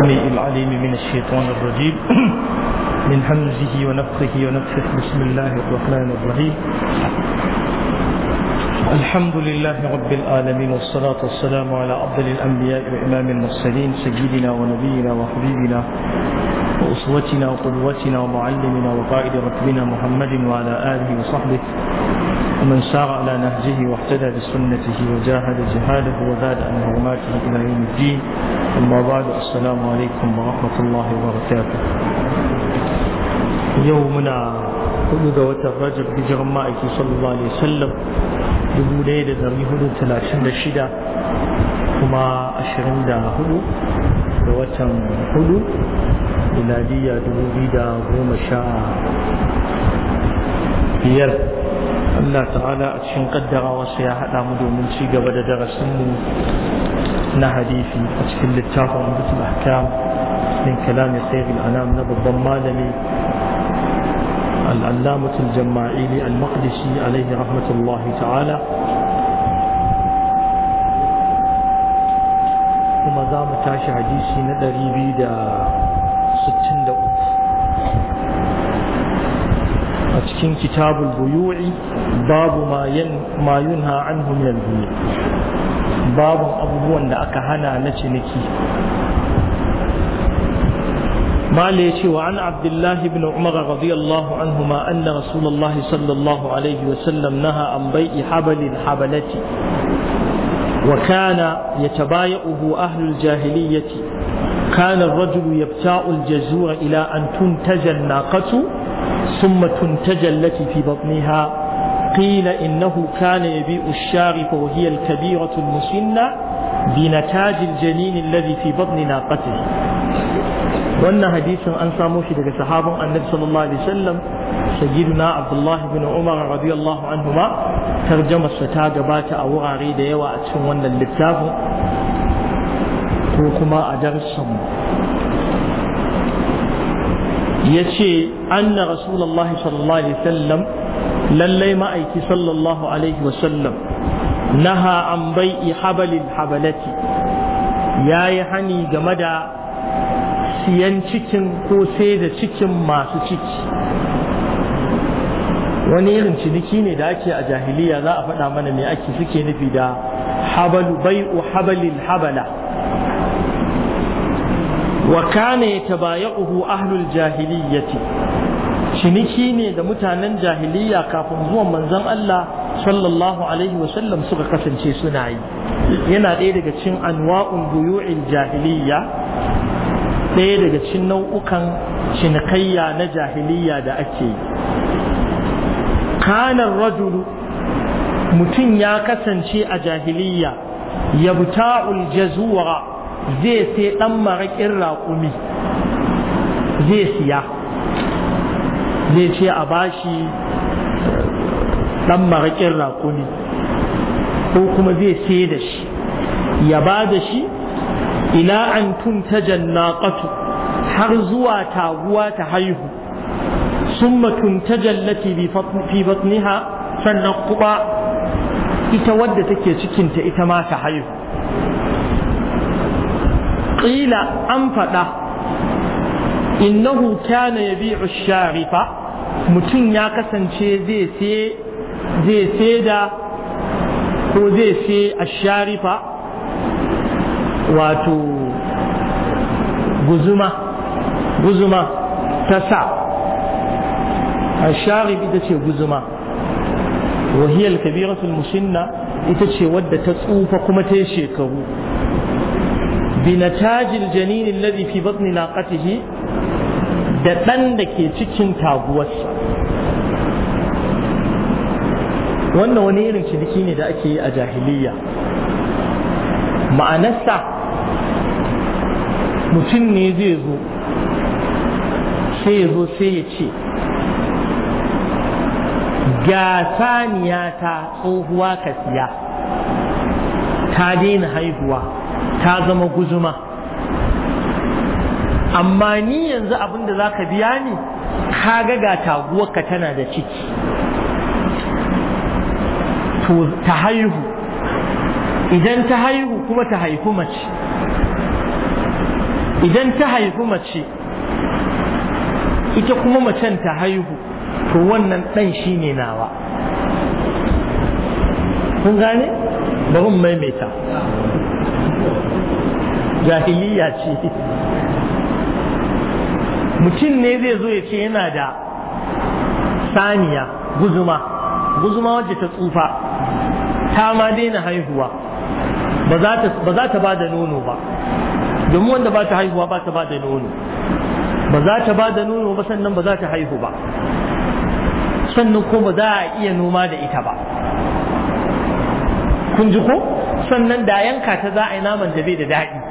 السميع العليم من الشيطان الرجيم من همزه ونفخه ونفخه بسم الله الرحمن الرحيم الحمد لله رب العالمين والصلاة والسلام على أفضل الأنبياء وإمام المرسلين سيدنا ونبينا وحبيبنا وأسوتنا وقدوتنا ومعلمنا وقائد ركبنا محمد وعلى آله وصحبه ومن سار على نهجه واهتدى بسنته وجاهد جهاده وزاد عن حرماته إلى يوم الدين أما بعد السلام عليكم ورحمة الله وبركاته يومنا حدود وترجب بجرم مائك صلى الله عليه وسلم دبولي لذري هدو ثلاثين شدة كما أشرين دا هدو وتم هدو ميلادية دبولي دا غوم شاء biyar Allah ta'ala a cikin wasu ya haɗa mu domin ci gaba da darasin mu na hadisi a cikin littafin rubutul ahkam min kalami sayar al'anam na babban malami العلامة الجماعيلي المقدسي عليه رحمة الله تعالى وما دام تاشي حديثي ندري بيدا cikin kitabul buyu'i babu ma ma yunha anhu min al-buyu babu abubuwan da aka hana na ciniki مال يشي وعن عبد الله بن عمر رضي الله عنهما أن رسول الله صلى الله عليه وسلم نهى عن بيع حبل الحبلة وكان يتبايعه أهل الجاهلية كان الرجل يبتاع الجزور إلى أن تنتج الناقة ثم تنتج التي في بطنها قيل إنه كان يبيء الشارف وهي الكبيرة المسنة بنتاج الجنين الذي في بطن ناقته وأن حديث أن ساموش لك صحابة النبي صلى الله عليه وسلم سيدنا عبد الله بن عمر رضي الله عنهما ترجم الستاجة بات أو غريدة يوى أتسون اللتاف وكما أدرسهم ya ce anna rasulullah sallallahu alaihi wasallam lallai ma'aiki sallallahu alaihi wasallam naha an bai'i habalin habalati ya yi hani game da siyan cikin ko sai da cikin masu ciki wani irin ciniki ne da ake a jahiliya za a faɗa mana me ake suke nufi da habalu bai'u habalin habala wa kana yatabaya'uhu ahlul jahiliyyati ciniki ne da mutanen jahiliya kafin zuwan manzon Allah sallallahu alaihi wa sallam suka kasance suna yi yana ɗaya daga cikin anwa'un buyu'il jahiliya ɗaya daga cikin nau'ukan cinikayya na jahiliya da ake yi kanar rajulu mutum ya kasance a jahiliya yabta'ul jazuwa zai sai ɗan maraƙin raƙumi zai siya zai ce a bashi ɗan maraƙin raƙumi ko kuma zai sai da shi ya ba da shi ila an tunta jannaƙatu har zuwa taguwa ta haihu sun matunta jallati fi batniha sannan kuɓa. ita wadda take cikinta ita ma ta haihu qila an faɗa innahu kana yabi'u sharifa mutum ya kasance zai sai da ko zai sai asharifa wato guzuma guzuma ta sa asharif ita ce guzuma wahiyar kabiratul musinna ita ce wadda ta tsufa kuma ta yi shekaru binatajil janinin ladhi fi batni naqatihi da ɗan da ke cikin taguwarsa wannan wani irin ciniki ne da ake yi a jahiliya ma'anarsa mutum ne zai zo sai ya zo sai ya ce ga saniya ta tsohuwa ka siya ta daina haihuwa ta zama guzuma amma ni yanzu abin da za ka biya ni ka ga ga taguwarka tana da ciki to ta haihu idan ta haihu kuma ta haifu mace idan ta haifu mace ita kuma macen ta haihu to wannan ɗan shi ne nawa kun gane bari maimaita jahiliya ce mutum ne zai zo ya ce yana da saniya guzuma guzuma wacce ta tsufa ta ma daina haihuwa ba za ta ba da nono ba domin wanda ba ta haihuwa ba ta ba da nono ba za ta ba da nono ba sannan ba za ta haihu ba sannan ko ba za a iya noma da ita ba kun ji ko sannan da yanka ta za a yi naman da bai da daɗi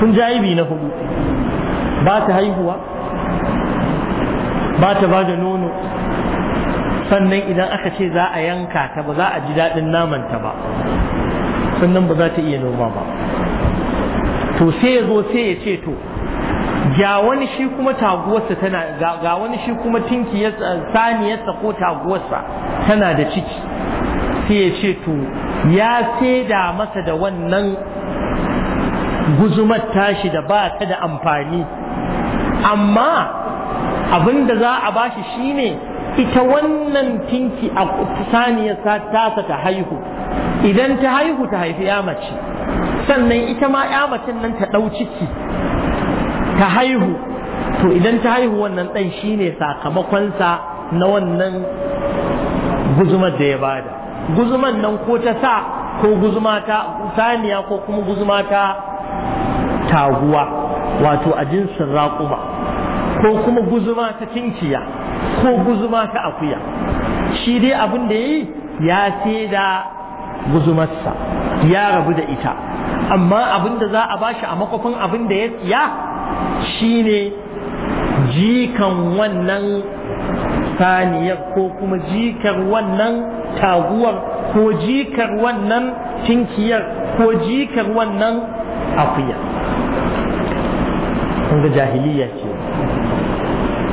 kun jayibi aibi na hudu ba ta haihuwa ba ta ba da nono sannan idan aka ce za a yanka ta ba za a ji daɗin namanta ba sannan ba za ta iya noma ba to sai ya zo sai ya ce to ga wani shi kuma taguwarsa tana ga wani shi kuma tinki saniyarsa ko taguwarsa tana da ciki sai ya ce to ya sai da masa da wannan guzumar tashi da ba ta da amfani amma abin da za a bashi shine ita wannan tinki a saniyar tasa ta haihu idan ta haihu ta haifi ya mace sannan ita ma ya macen nan ta ɗau ciki ta haihu to idan ta haihu wannan ɗan shine sakamakonsa na wannan guzumar da ya bada guzuman nan ko ta sa ko guzuma ta saniya ko kuma guzuma ta taguwa wato a jinsin raƙuma ko kuma guzuma ta cinciya ko guzuma ta akuya shi dai abin da ya yi ya sai da guzumarsa ya rabu da ita amma abin da za a bashi a makwafin abin da ya siya shine jikan wannan saniyar ko kuma jikar wannan taguwar ko jikar wannan tinkiyar ko jikar wannan akuya kun ga jahiliya ce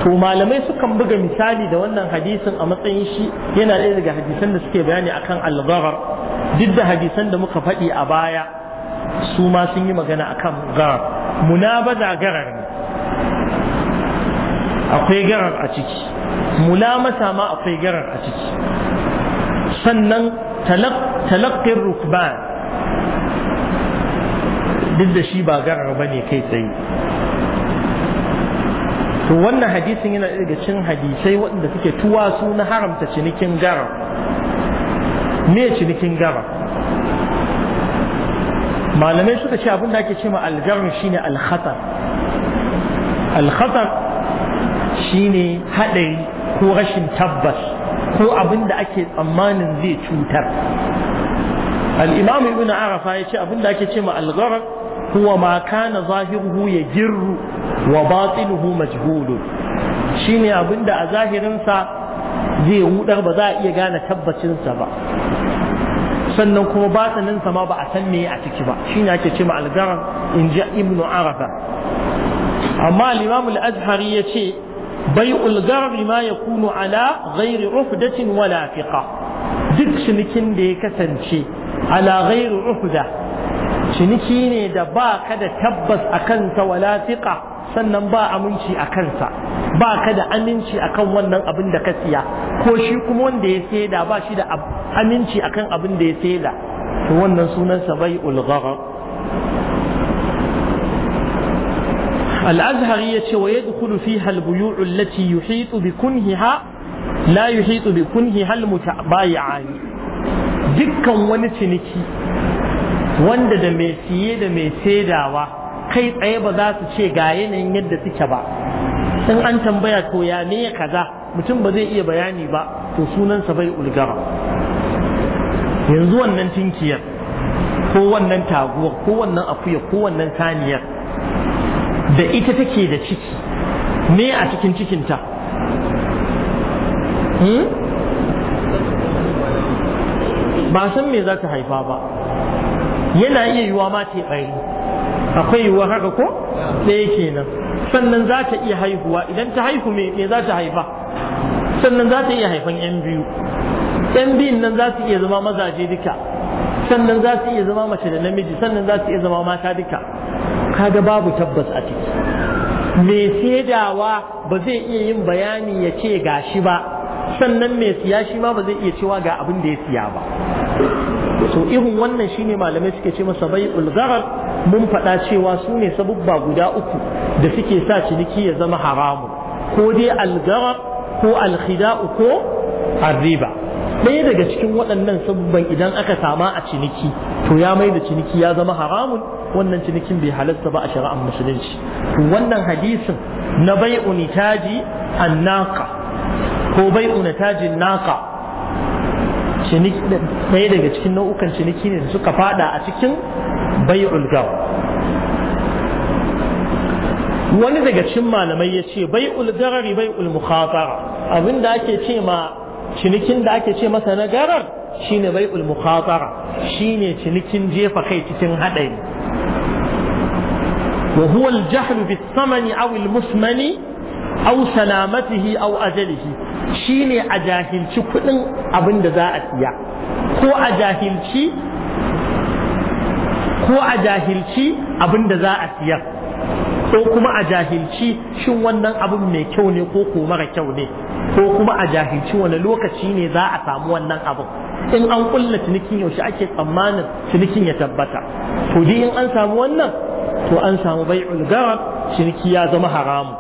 to malamai sukan buga misali da wannan hadisin a matsayin shi yana ɗaya daga hadisan da suke bayani akan al duk da hadisan da muka faɗi a baya su ma sun yi magana akan gharar munabaza garar ne akwai garar a ciki mulamasa ma akwai garar a ciki sannan talakkin rukban duk da shi ba garar ba ne kai tsaye to wannan hadisin yana daga cikin hadisai waɗanda suke tuwa su na haramta cinikin gara me cinikin gara malamai suka ce abin da ake ce ma algarin shine alkhatar alkhatar shine haɗari ko rashin tabbas ko abin da ake tsammanin zai cutar al'imamu ibn arafa ya ce abin da ake ce ma algarar huwa ma kana zahiruhu ya girru wa batinuhu majhulun shine abinda a zahirinsa zai rudar ba za iya gane tabbacinsa ba sannan kuma bataninsa ma ba a san me a ciki ba shine ake ce ma in ji ibnu arafa amma Limamul imam al-azhari yace bai'ul garri ma yakunu ala ghairi ufdatin wala fiqa duk cinikin da ya kasance ala ghairi ufda ciniki ne da ba ka da tabbas a kansa wala fiqa sannan ba aminci a kansa ba ka da aminci a kan wannan abin da ka siya ko shi kuma wanda ya saida ba shi da aminci a kan abin da ya saida to wannan sunansa bai ulgharar الأزهري ويدخل فيها البيوع التي يحيط بكنهها لا يحيط بكنهها المتبايعان دكا ونتنكي wanda da mai siye da mai saidawa kai tsaye ba za su ce ga yanayin yadda suke ba in an tambaya to ya ne ya kaza mutum ba zai iya bayani ba to sunansa bai ulgara yanzu wannan tinkiyar ko wannan taguwar ko wannan akuya ko wannan saniyar da ita take da ciki me a cikin cikinta hmm? ba san me za ta haifa ba yana iya yiwa ma ta ɓari akwai yiwa haka ko ɗaya kenan sannan za ta iya haihuwa idan ta haihu me za ta haifa sannan za ta iya haifan yan biyu yan biyun nan za su iya zama mazaje duka sannan za su iya zama mace da namiji sannan za su iya zama mata duka kaga babu tabbas a ciki me saidawa ba zai iya yin bayani ya ce gashi ba sannan me siya shi ma ba zai iya cewa ga abin da ya siya ba to irin wannan shine malamai suke ce masa bai'ul mun faɗa cewa su ne sabubba guda uku da suke sa ciniki ya zama haramu ko dai algarar ko alkhida'u ko arriba ɗaya daga cikin waɗannan sabubban idan aka sama a ciniki to ya mai da ciniki ya zama haramun wannan cinikin bai halasta ba a shari'ar musulunci to wannan hadisin na bai'u nitaji annaka ko bai'u nitajin naka ciniki daga cikin nau'ukan ciniki ne da suka fada a cikin bai'ul gawa wani daga cikin malamai ya ce bai'ul garari bai'ul mukhatara abin da ake ce ma cinikin da ake ce masa na garar shine bai'ul mukhatara shine cinikin jefa kai cikin haɗari wa huwa al-jahl bi thamani aw al-musmani aw salamatihi aw ajalihi Shi ne a jahilci kudin abin da za a siya ko a jahilci ko a jahilci abin da za a siya ko kuma a jahilci shin wannan abin mai kyau ne ko ko mara kyau ne ko kuma a jahilci wani lokaci ne za a samu wannan abin in an kulla cinikin yaushe ake tsammanin cinikin ya tabbata to in an samu wannan to an samu bai'ul garab ciniki ya zama haramu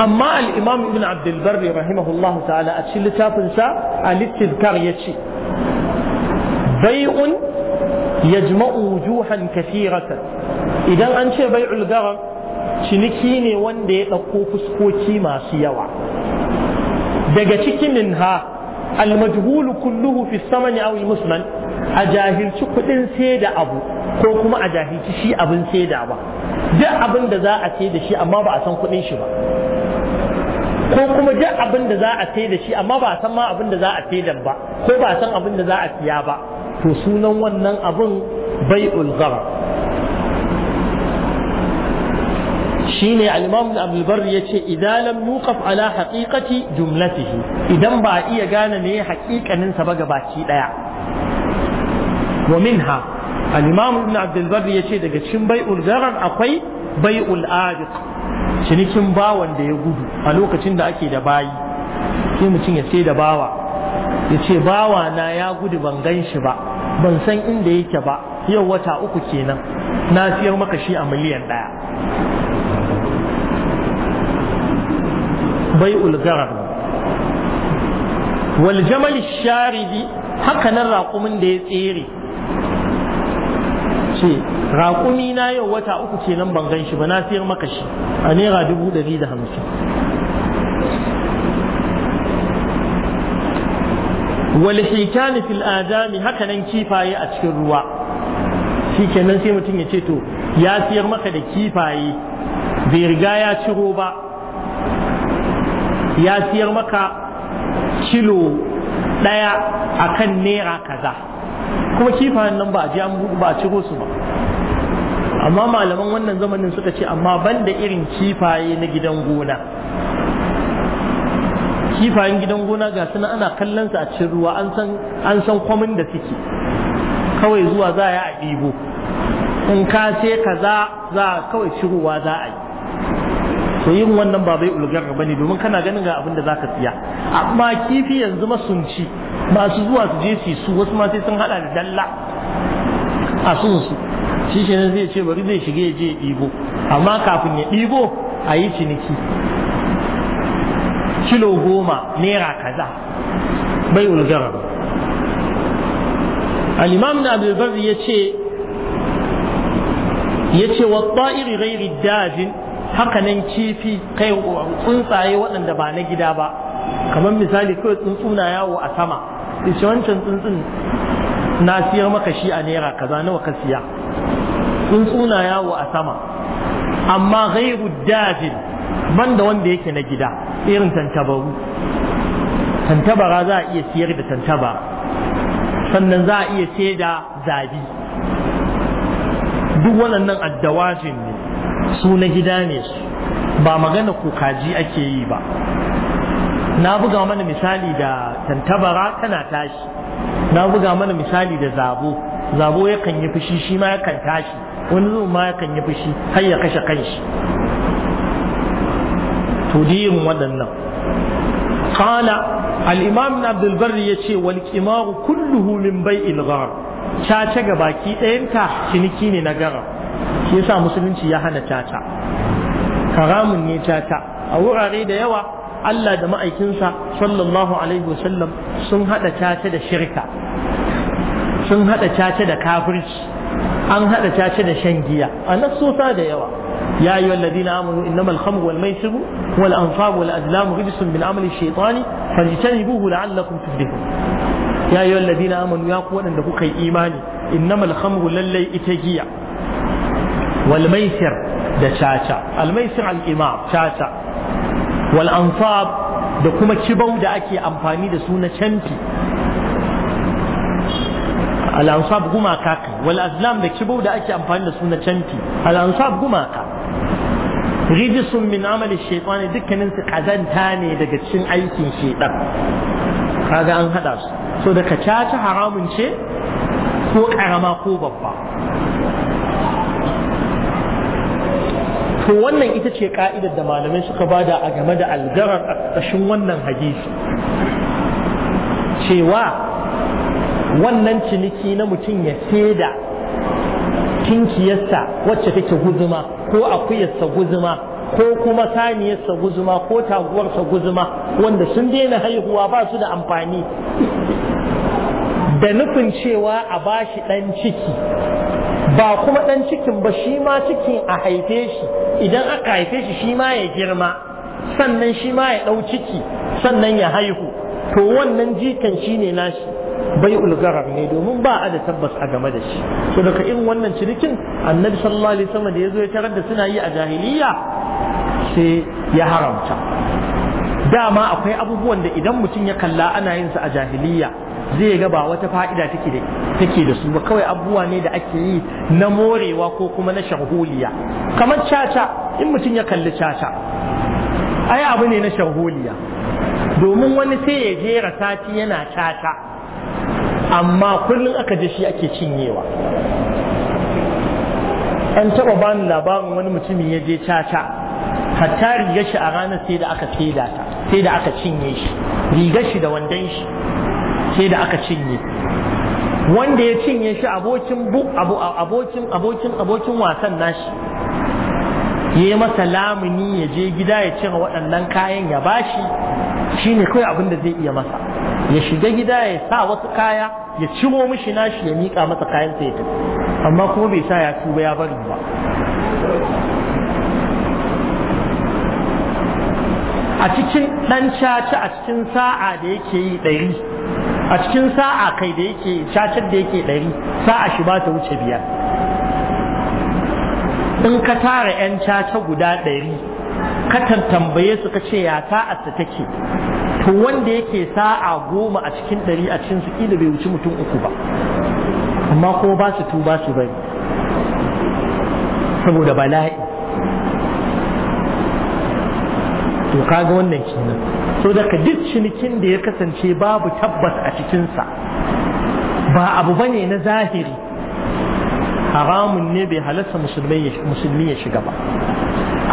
أما الإمام ابن عبد البر رحمه الله تعالى أتشل تافنسا على التذكار يتشي بيع يجمع وجوها كثيرة إذا أنت بيع الغرر شنكيني وان دي أقوف سكوتي ما سيوا دقا تكي منها المجهول كله في الثمن أو المثمن a jahilci kuɗin sai da abu ko kuma a jahilci shi abin sai da ba duk abin da za a sai da shi amma ba a san kuɗin shi ba ko kuma duk abin da za a sai da shi amma ba a san ma abin da za a sai da ba ko ba a san abin da za a siya ba to sunan wannan abin bai'ul gharar shine al-imam ibn abdul barr yace idan lam nuqaf ala haqiqati jumlatihi idan ba a iya gane me haqiqanin sa ba gabaki daya wa minha al-imam ibn abd al-barr yace daga cikin bai'ul akwai bai'ul adiq cinikin bawan da ya gudu a lokacin da ake da bayi sai mutum ya ce da bawa ya ce bawa na ya gudu ban gan shi ba ban san inda yake ba yau wata uku kenan na siyar maka shi a miliyan ɗaya bai'ul garar wal jamal sharidi raƙumin da ya tsere ce raƙumi na yau wata uku ce nan ban gan shi ba na siyar maka shi a naira dubu ɗari da hamsin hikani fil adami haka nan kifaye a cikin ruwa shi kenan sai mutum ya ce to ya siyar maka da kifaye bai riga ya ciro ba ya siyar maka kilo ɗaya a kan naira kaza kuma kifayen nan ba a ji an ba a ciro su ba amma malaman wannan zamanin suka ce amma banda irin kifaye na gidan gona kifayen gidan gona ga suna ana kallon su a cikin ruwa an san kwamin da suke kawai zuwa za a ɗibo in ka ce kaza za kawai shigowa za a yi to yin wannan ba bai ulgar ba ne domin kana ganin ga abin da za ka siya amma kifi yanzu masunci masu zuwa su je su su wasu ma sai sun hada da dalla a sun shi kenan zai ce bari zai shige je ɗibo amma kafin ya ɗibo a yi ciniki kilo goma naira kaza bai ulgarar al-imam da bari ya ce ya ce wa ta'iri dajin hakanan kifi kai tsuntsaye waɗanda ba na gida ba kamar misali kawai na yawo a sama ishe wancan tsuntsun na siyar maka shi a naira kaza nawa ka siya tsuntsuna yawo a sama amma ghairu dajil banda wanda yake na gida irin tantabaru tantabara za a iya siyar da tantaba sannan za a iya ce da zabi duk waɗannan addawajin ne su na gida ne su ba magana ko kaji ake yi ba na buga mana misali da tantabara tana tashi na buga mana misali da zabo zabo yakan yi fushi shi ma yakan tashi wani zo ma yakan yi fushi har ya kashe kanshi to dirin waɗannan qala alimam imam ya ce barri wal kimaru kulluhu min bai ghar caca ga baki ɗayanta ciniki ne na gara shi yasa musulunci ya hana caca karamun ne caca a wurare da yawa Allah da ma'aikinsa sallallahu alaihi wasallam sun hada caca da shirka sun hada caca da kafirci an hada caca da shan giya a nassosa da yawa ya yi wallazi na amuru innama alhamdu wal maisiru wal ansabu wal azlamu rijisun min amali shaitani fajitani buhu la'allakum tuflihun ya yi wallazi na amuru ya kuwa waɗanda kuka yi imani innama alhamdu lallai ita giya wal maisir da caca al maisir al imam caca wal ansab da kuma kibau da ake amfani da su na canfi al'ansab gumaka wal azlam da kibau da ake amfani da su na canti al'ansab gumaka rijisun min amali shaitan dukkanin su kazanta ne daga cikin aikin shaitan kaga an hada su so caca haramun ce ko karama ko babba to wannan ita ce ka'idar da malamai suka bada a game da algarar a ƙarƙashin wannan hadisi cewa wannan ciniki na mutum ya da kinkiyarsa wacce take guzuma ko akuyarsa guzuma ko kuma saniyarsa guzuma ko taguwarsa guzuma wanda sun daina haihuwa ba su da amfani da nufin cewa a ba shi ɗan ciki ba kuma ɗan cikin ba shi ma cikin a haife shi idan aka haife shi shi ma ya girma sannan shi ma ya ɗau ciki sannan ya haihu to wannan jikan shi ne nashi Bai ulgarar ne domin ba a da tabbas a game da shi to daga irin wannan cinikin annabi sallallahu alaihi wasallam da yazo ya tarar da suna yi a jahiliya sai ya haramta dama akwai abubuwan da idan mutum ya kalla ana yin su a jahiliya zai ga ba wata fa'ida take da take da su ba kawai abubuwa ne da ake yi na morewa ko kuma na shahuliya kamar caca in mutum ya kalli caca ai abu ne na shahuliya domin wani sai ya jera sati yana caca amma kullum aka je shi ake cinyewa an taɓa bani labarin wani mutumin ya je caca hatta rigar shi a ranar sai da aka saida ta sai da aka cinye shi rigar shi da wandon shi sai da aka cinye wanda ya cinye shi abokin abokin abokin abokin wasan nashi ya yi masa lamuni ya je gida ya cire waɗannan kayan ya bashi ne kawai abin da zai iya masa ya shiga gida ya sa wasu kaya ya ciro mishi nashi ya miƙa masa kayan sa ya amma kuma bai sa ya tuba ya bari ba a cikin ɗan caca a cikin sa'a da yake yi ɗari a cikin sa'a kai da yake cacar da yake ɗari sa'a shi ba ta wuce biyar in ka tara 'yan caca guda ɗari ka tambaye su ka ce ya ta'a ta take to wanda yake sa'a goma a cikin ɗari a cikin su ƙila bai wuci mutum uku ba amma ko ba su ba su bari saboda bala'i to kaga wannan kenan so daga duk cinikin da ya kasance babu tabbas a cikinsa ba abu bane na zahiri haramun ne bai halasta musulmi ya shiga ba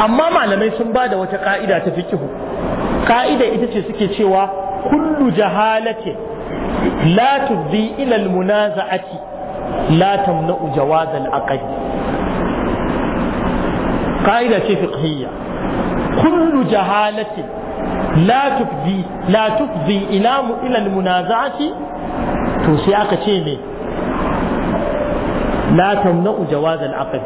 amma malamai sun ba da wata ka'ida ta fikihu ka'ida ita ce suke cewa kullu jahalati la tubdi ila almunaza'ati la tamna'u jawaz al-aqd ka'ida ce fiqhiyya kullu jahalati la tubdi la tubdi ila ila almunaza'ati to sai aka ce me la tamna'u jawaz al-aqd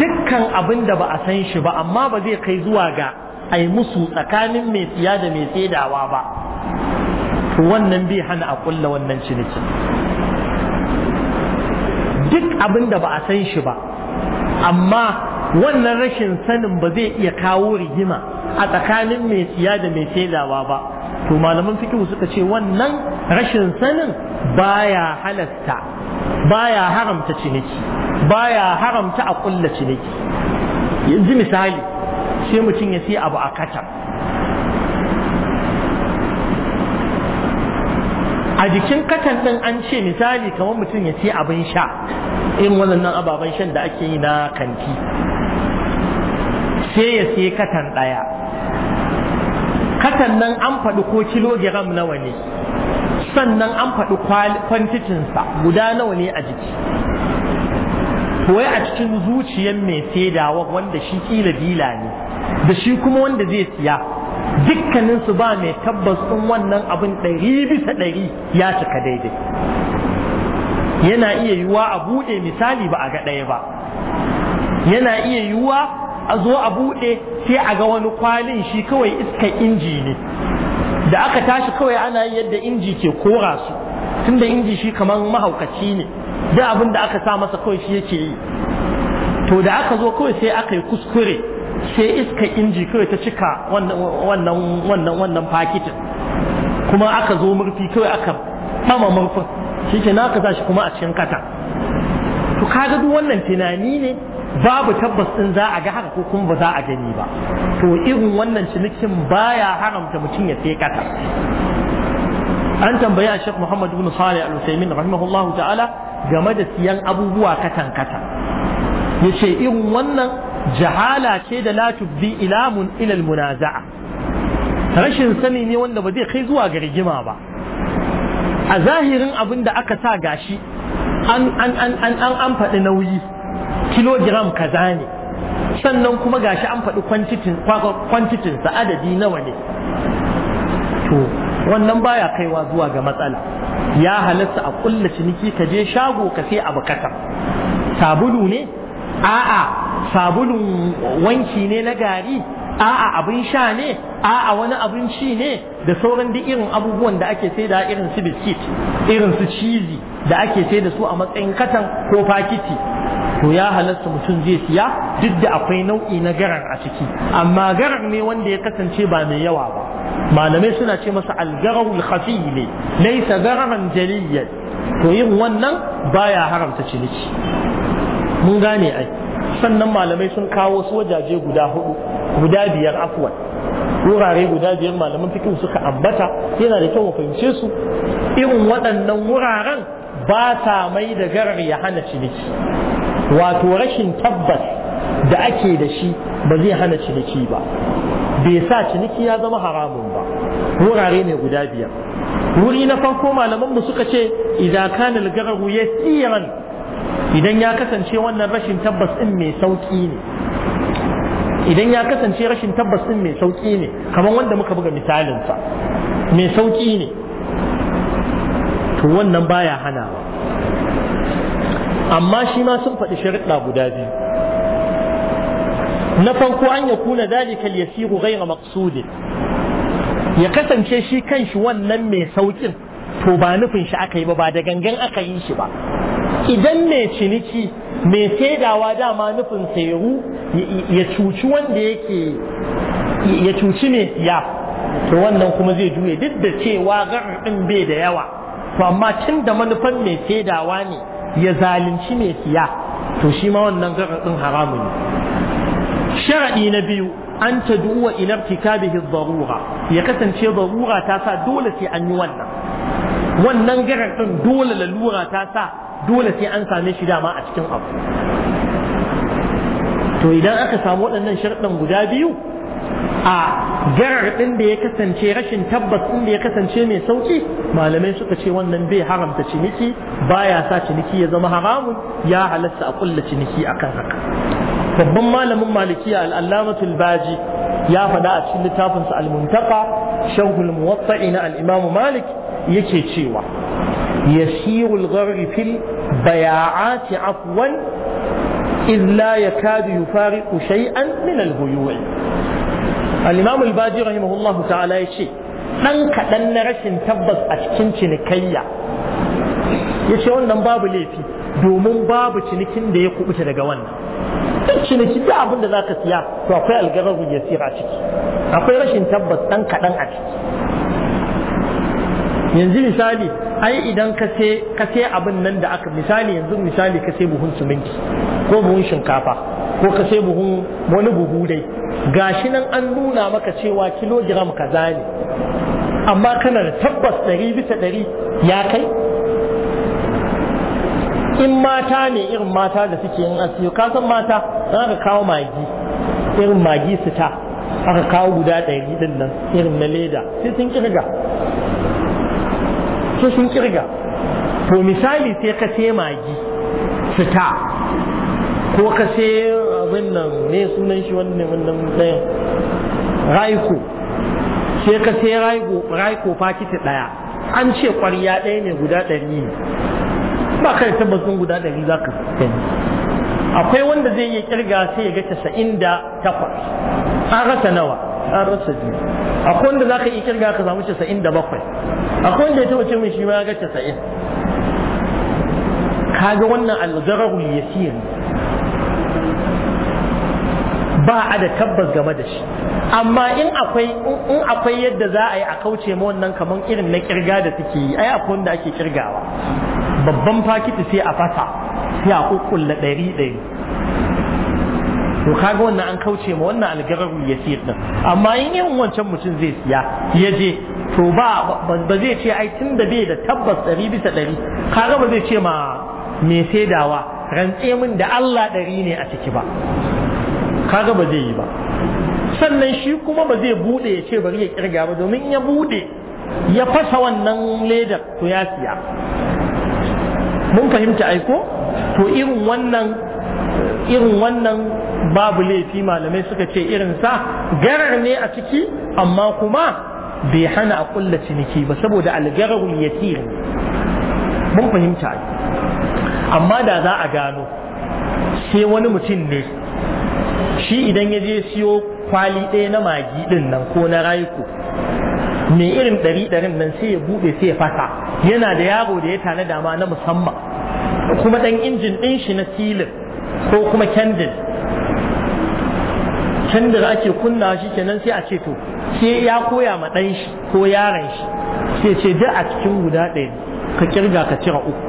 dukkan abin da ba a san shi ba amma ba zai kai zuwa ga a yi musu tsakanin mai siya da mai saidawa ba wannan bai hana a kulla wannan ciniki duk abin da ba a san shi ba amma wannan rashin sanin ba zai iya kawo rigima a tsakanin mai siya da mai saidawa ba to malaman fikihu suka ce wannan rashin sanin baya halasta baya haramta ciniki baya haramta a kulla ciniki yanzu misali sai mutum ya sai abu a katam a jikin katan ɗin an ce misali kamar mutum ya sai abin sha in waɗannan ababen shan da ake yi na kanti sai ya sai katan ɗaya katan nan an faɗi ko kilogiram nawa ne sannan an faɗi kwantitinsa guda nawa ne a jiki wai a cikin zuciyar mai saidawa wanda shi kila dila ne da shi kuma wanda zai siya dukkanin su ba mai tabbas ɗin wannan abin ɗari bisa ɗari ya cika daidai yana iya yiwuwa a buɗe misali ba a ga ɗaya ba yana iya yiwuwa a zo a buɗe sai a ga wani kwalin shi kawai iskar inji ne da aka tashi kawai ana yi yadda inji ke kora su tunda inji shi kamar mahaukaci ne da abin da aka sa masa kawai shi yake yi to da aka zo kawai sai aka yi kuskure sai iska inji kawai ta cika wannan wannan wannan fakitin kuma aka zo murfi kawai aka bama murfin shi ke na aka kuma a cikin kata to kaga duk wannan tunani ne babu tabbas din za a ga haka ko kuma ba za a gani ba to irin wannan cinikin baya haramta mutum ya sai kata an tambaya a Sheikh Muhammad ibn Salih Al-Utsaimin rahimahullahu ta'ala game da siyan abubuwa katan kata yace irin wannan jahala ce da la tubdi ila munaza'a rashin sani ne wanda ba zai kai zuwa ga rigima ba a zahirin abin da aka sa gashi an an an an an an faɗi nauyi kilogiram kaza ne sannan kuma gashi an faɗi kwantitin sa adadi nawa ne to wannan baya kaiwa zuwa ga matsala ya halatta a kulla ciniki ka je shago ka sai abu kasa sabulu ne a'a sabulun wanki ne na gari a'a abin sha ne a'a wani abinci ne da sauran duk irin abubuwan da ake sai da irin su biskit irin su cizi da ake sai da su a matsayin katan ko fakiti to ya halatta mutum zai siya duk da akwai nau'i na garar a ciki amma garar ne wanda ya kasance ba mai yawa ba malamai suna ce masa algarau khafi ne laisa gararan jaliyyan to yin wannan baya haramta ciniki mun gane ai sannan malamai sun kawo su wajaje guda hudu guda biyar afwan wurare guda biyar malaman fikin suka ambata yana da kyau mu fahimce su irin waɗannan wuraren ba ta mai da garar ya hana ciniki wato rashin tabbas da ake da shi ba zai hana ciniki ba bai sa ciniki ya zama haramun ba wurare ne guda biyar wuri na farko malaman mu suka ce idan kanal al-gararu yasiran idan ya kasance wannan rashin tabbas ɗin mai sauƙi ne idan ya kasance rashin tabbas ɗin mai sauƙi ne kamar wanda muka buga misalinsa mai sauƙi ne to wannan baya hanawa amma shi ma sun faɗi sharuɗa guda biyu na farko an ya kuna ya yasiru ghayra maqsudin ya kasance shi kanshi wannan mai sauƙin to ba nufin shi aka yi ba ba da gangan aka yi shi ba idan mai ciniki mai saidawa dama nufin sayaru ya cuci wanda yake ya cuci mai siya to wannan kuma zai juye duk da cewa ɗin bai da yawa to amma tun da manufan mai saidawa ne ya zalunci mai siya to shi ma wannan ɗin haramun ne sharaɗi na biyu an ta duwa ila irtikabihi darura ya kasance barura ta sa dole sai an yi wannan wannan garar ɗin dole lalura ta sa dole sai an same shi dama a cikin abu to idan aka samu waɗannan sharɗan guda biyu a garar ɗin da ya kasance rashin tabbas ɗin da ya kasance mai sauki malamai suka ce wannan bai haramta ciniki baya sa ciniki ya zama haramun ya halatta a kulla ciniki akan haka babban malamin a al'allamatul baji ya faɗa a cikin littafinsa al-muntaka shahul muwatta'i na al-imamu malik yake cewa يسير الغر في البياعات عفوا إذ لا يكاد يفارق شيئا من البيوع الإمام الباجي رحمه الله تعالى يشي ɗan kaɗan na rashin tabbas a cikin cinikayya ya ce wannan babu laifi domin babu cinikin da ya kubuta daga wannan duk ciniki duk abinda za ka siya to akwai algararru ya a ciki akwai rashin tabbas ɗan kaɗan a ciki yanzu misali ai idan ka sai abin nan da aka misali yanzu misali ka sai buhun suminti ko buhun shinkafa ko ka sai buhun wani buhu dai gashi nan an nuna maka cewa kilogiram kaza ne amma kana da tabbas ɗari bisa ɗari ya kai in mata ne irin mata da suke yin asiyo ka san mata za ka kawo magi irin magi su ta aka kawo guda ɗari ɗin nan irin na leda sai sun kirga su sun kirga to misali sai ka sai magi fita ko ka sai abin nan ne sunan shi wannan wannan ɗayan raiko sai ka sai raiko fakiti ɗaya an ce kwariya ɗaya ne guda ɗari ne ba kai tabbacin guda ɗari za ka gani akwai wanda zai iya kirga sai ya ga casa'in da takwas an rasa nawa an rasa biyu akwai wanda za ka iya kirga ka samu casa'in da bakwai akwai wanda ya taɓa ce shi ma ga casa'in kaga wannan algararul yasir ba a da tabbas game da shi amma in akwai yadda za a yi a kauce ma wannan kamar irin na kirga da suke yi ai akwai wanda ake kirgawa babban fakiti sai a fasa sai a kukkulla ɗari ɗari to kaga wannan an kauce ma wannan algararu ya siya din amma in yin wancan mutum zai siya ya je to ba ba zai ce ai tun da bai da tabbas ɗari bisa ɗari kaga ba zai ce ma me saidawa rantse min da Allah ɗari ne a ciki ba kaga ba zai yi ba sannan shi kuma ba zai bude ya ce bari ya kirga ba domin ya bude ya fasa wannan ledar to ya siya mun fahimta aiko to irin wannan irin wannan babu laifi malamai suka ce irin sa garar ne a ciki amma kuma bai hana a kulla ciniki ba saboda algararul yatir mun fahimta amma da za a gano sai wani mutum ne shi idan ya je siyo kwali ɗaya na magi ɗin nan ko na rayuku mai irin ɗari ɗarin nan sai ya buɗe sai ya fasa yana da yaro da ya tanada dama na musamman kuma ɗan injin ɗin shi na silin ko kuma candle candle ake kunna shi kenan sai a ce to sai ya koya ma dan shi ko yaran shi sai ce duk a cikin guda ɗaya ka kirga ka cira uku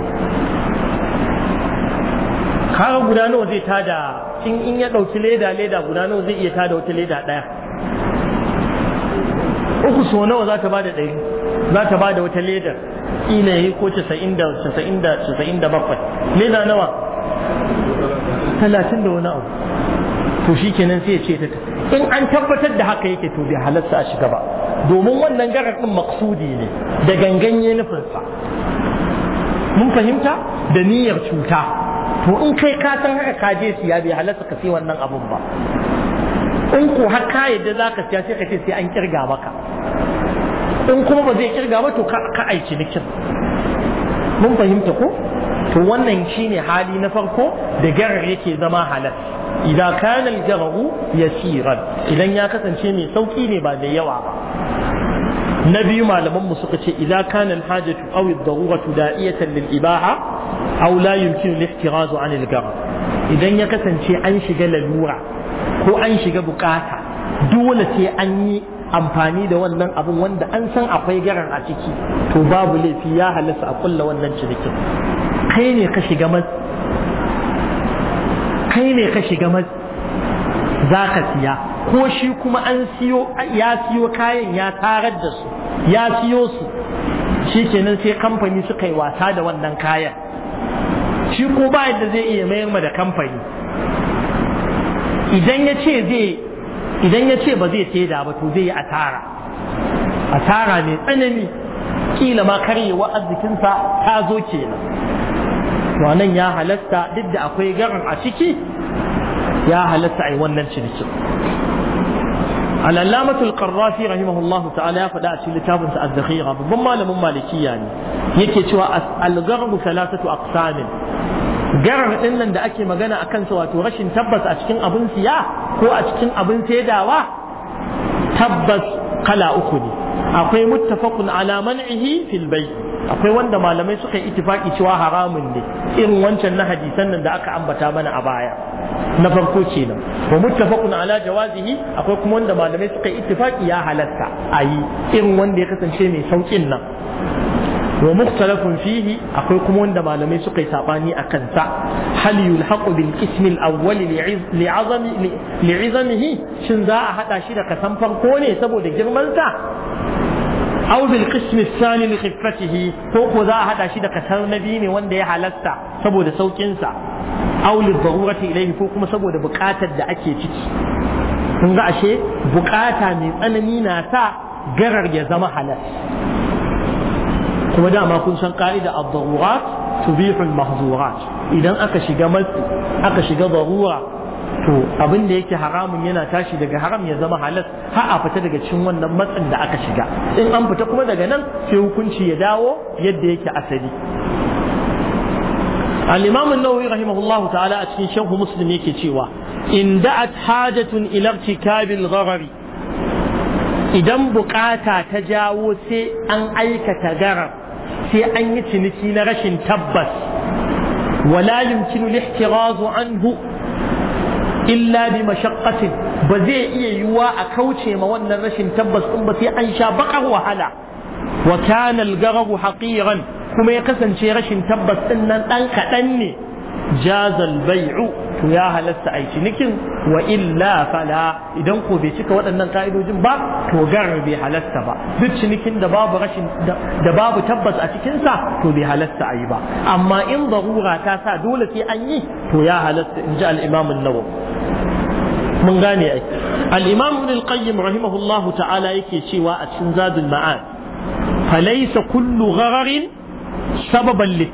kaga guda nawa zai tada in in ya ɗauki leda leda guda nawa zai iya tada wata leda ɗaya uku so nawa za ta bada ɗari za ta bada wata ledar ila yi ko 90 da 97 casa'in da bakwai leda nawa talatin da wani abu to shi kenan sai ya ce ta in an tabbatar da haka yake to bai halarta a shiga ba domin wannan garaɗin maksudi ne da ganganye nufinsa mun fahimta da niyyar cuta to in kai ka san haka ka je siya bai halarta ka sai wannan abun ba in ko har ka yadda za ka siya sai ka ce sai an kirga maka in kuma ba zai kirga ba to ka aiki nikin mun fahimta ko to wannan shine hali na farko da garar yake zama halal idan kana al ya yasiran idan ya kasance mai sauki ne ba da yawa ba na biyu malaman mu suka ce idan kana hajatu aw ad-daruratu da'iyatan lil-ibaha aw la yumkinu al-ihtiraz an al idan ya kasance an shiga lalura ko an shiga bukata dole sai an yi amfani da wannan abin wanda an san akwai garan a ciki to babu laifi ya halasta a kulla wannan cinikin kai ne ka shiga mas kai ne ka shiga mas za ka siya ko shi kuma an siyo ya siyo kayan ya tarar da su ya siyo su shi kenan sai kamfani suka yi wasa da wannan kayan shi ko ba yadda zai iya mayar ma da kamfani idan ya ce zai idan ya ce ba zai saida ba to zai yi asara asara mai tsanani kila ma karyewa arzikinsa ta zo kenan wannan ya halatta duk da akwai garin a ciki ya halatta a yi wannan cinikin rahimahullahu ta'ala ya faɗa a فدا littafinsa a zahira babban malamin malikiya ne yake cewa al-gharb thalathatu garar din nan da ake magana akan sa wato rashin tabbas a cikin abin siya ko a cikin abin saidawa tabbas kala uku ne akwai muttafaqun ala man'ihi fil bay' akwai wanda malamai suka yi itifaki cewa haramun ne irin wancan na hadisan nan da aka ambata mana a baya na farko kenan wa muttafaqun ala jawazihi akwai kuma wanda malamai suka yi itifaki ya halatta ayi irin wanda ya kasance mai saukin nan wa mukhtalafun fihi akwai kuma wanda malamai suka yi sabani a kansa hal yulhaqu bil awwali al awwal li'azami li'azamihi shin za a hada shi da kasan farko ne saboda girman sa aw bil qism athani li khiffatihi ko ko za a haɗa shi da katar na biyu wanda ya halasta saboda saukin sa aw lil darurati ilayhi ko kuma saboda bukatar da ake ciki kun ga ashe buƙata mai tsanani na sa garar ya zama halal kuma dama kun san a ad-darurat tubihu al-mahzurat idan aka shiga matsi aka shiga darura to abinda yake haramun yana tashi daga haram ya zama halal har a fita daga cikin wannan matsin da aka shiga in an fita kuma daga nan sai hukunci ya dawo yadda yake asali الإمام ta'ala a cikin تعالى musulmi شيخ cewa يكتشيوا إن دعت حاجة إلى ارتكاب الغرر idan bukata ta jawo sai an aikata garar sai an yi ciniki na rashin tabbas wala yumkinu lihtirazu anhu illa bi mashaqqatin ba zai iya yiwuwa a kauce ma wannan rashin tabbas din ba sai an sha baƙar wahala wa kana al haqiran kuma ya kasance rashin tabbas din nan dan kadan ne jazal bai'u to ya halatta a cinikin wa illa fala idan ko bai cika waɗannan ka'idojin ba to gar bai ba duk cinikin da babu tabbas a cikinsa to bai halatta ayi ba amma in barura ta sa dole sai anyi yi to ya halatta in ji al-imam mun gane ai al-imam ibn al rahimahullahu ta'ala yake cewa a cikin zadul ma'ad falaysa kullu rararin sababan lit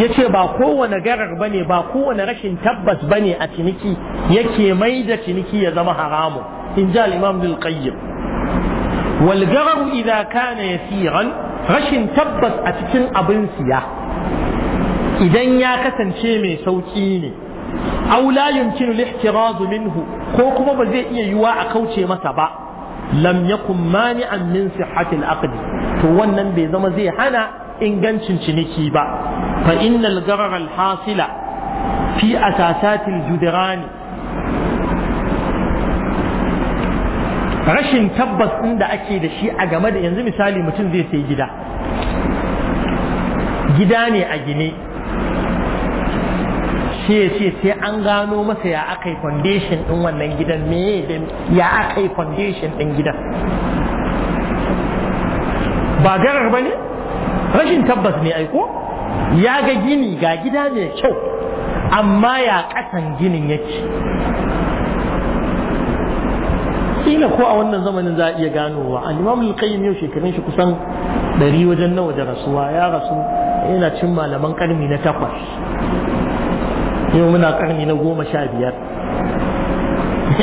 ya ce ba kowane garar ba ne ba kowane rashin tabbas ba ne a ciniki yake mai da ciniki ya zama haramun in ji al'imam bin qayyim wal garar idza kana yasiran rashin tabbas a cikin abin siya idan ya kasance mai sauki ne aw yumkinu al minhu ko kuma ba zai iya yiwa a kauce masa ba lam yakun mani'an min sihhati aqd to wannan bai zama zai hana ingancin ciniki ba fa innal gharar al fi asasatil rashin tabbas ɗin da ake da shi a game da yanzu misali mutum zai sai gida gida ne a gine sai ya ce sai an gano masa ya aka yi foundation ɗin wannan gidan me ya aka yi foundation ɗin gidan ba garar ba ne rashin tabbas ne aiko ya ga gini ga gida mai kyau amma ya kasan ginin yake kila ko a wannan zamanin za a iya ganowa al-imam al-qayyim yau shekarun shi kusan dari wajen nawa da rasuwa ya rasu yana cin malaman karni na takwas yau muna karni na goma sha biyar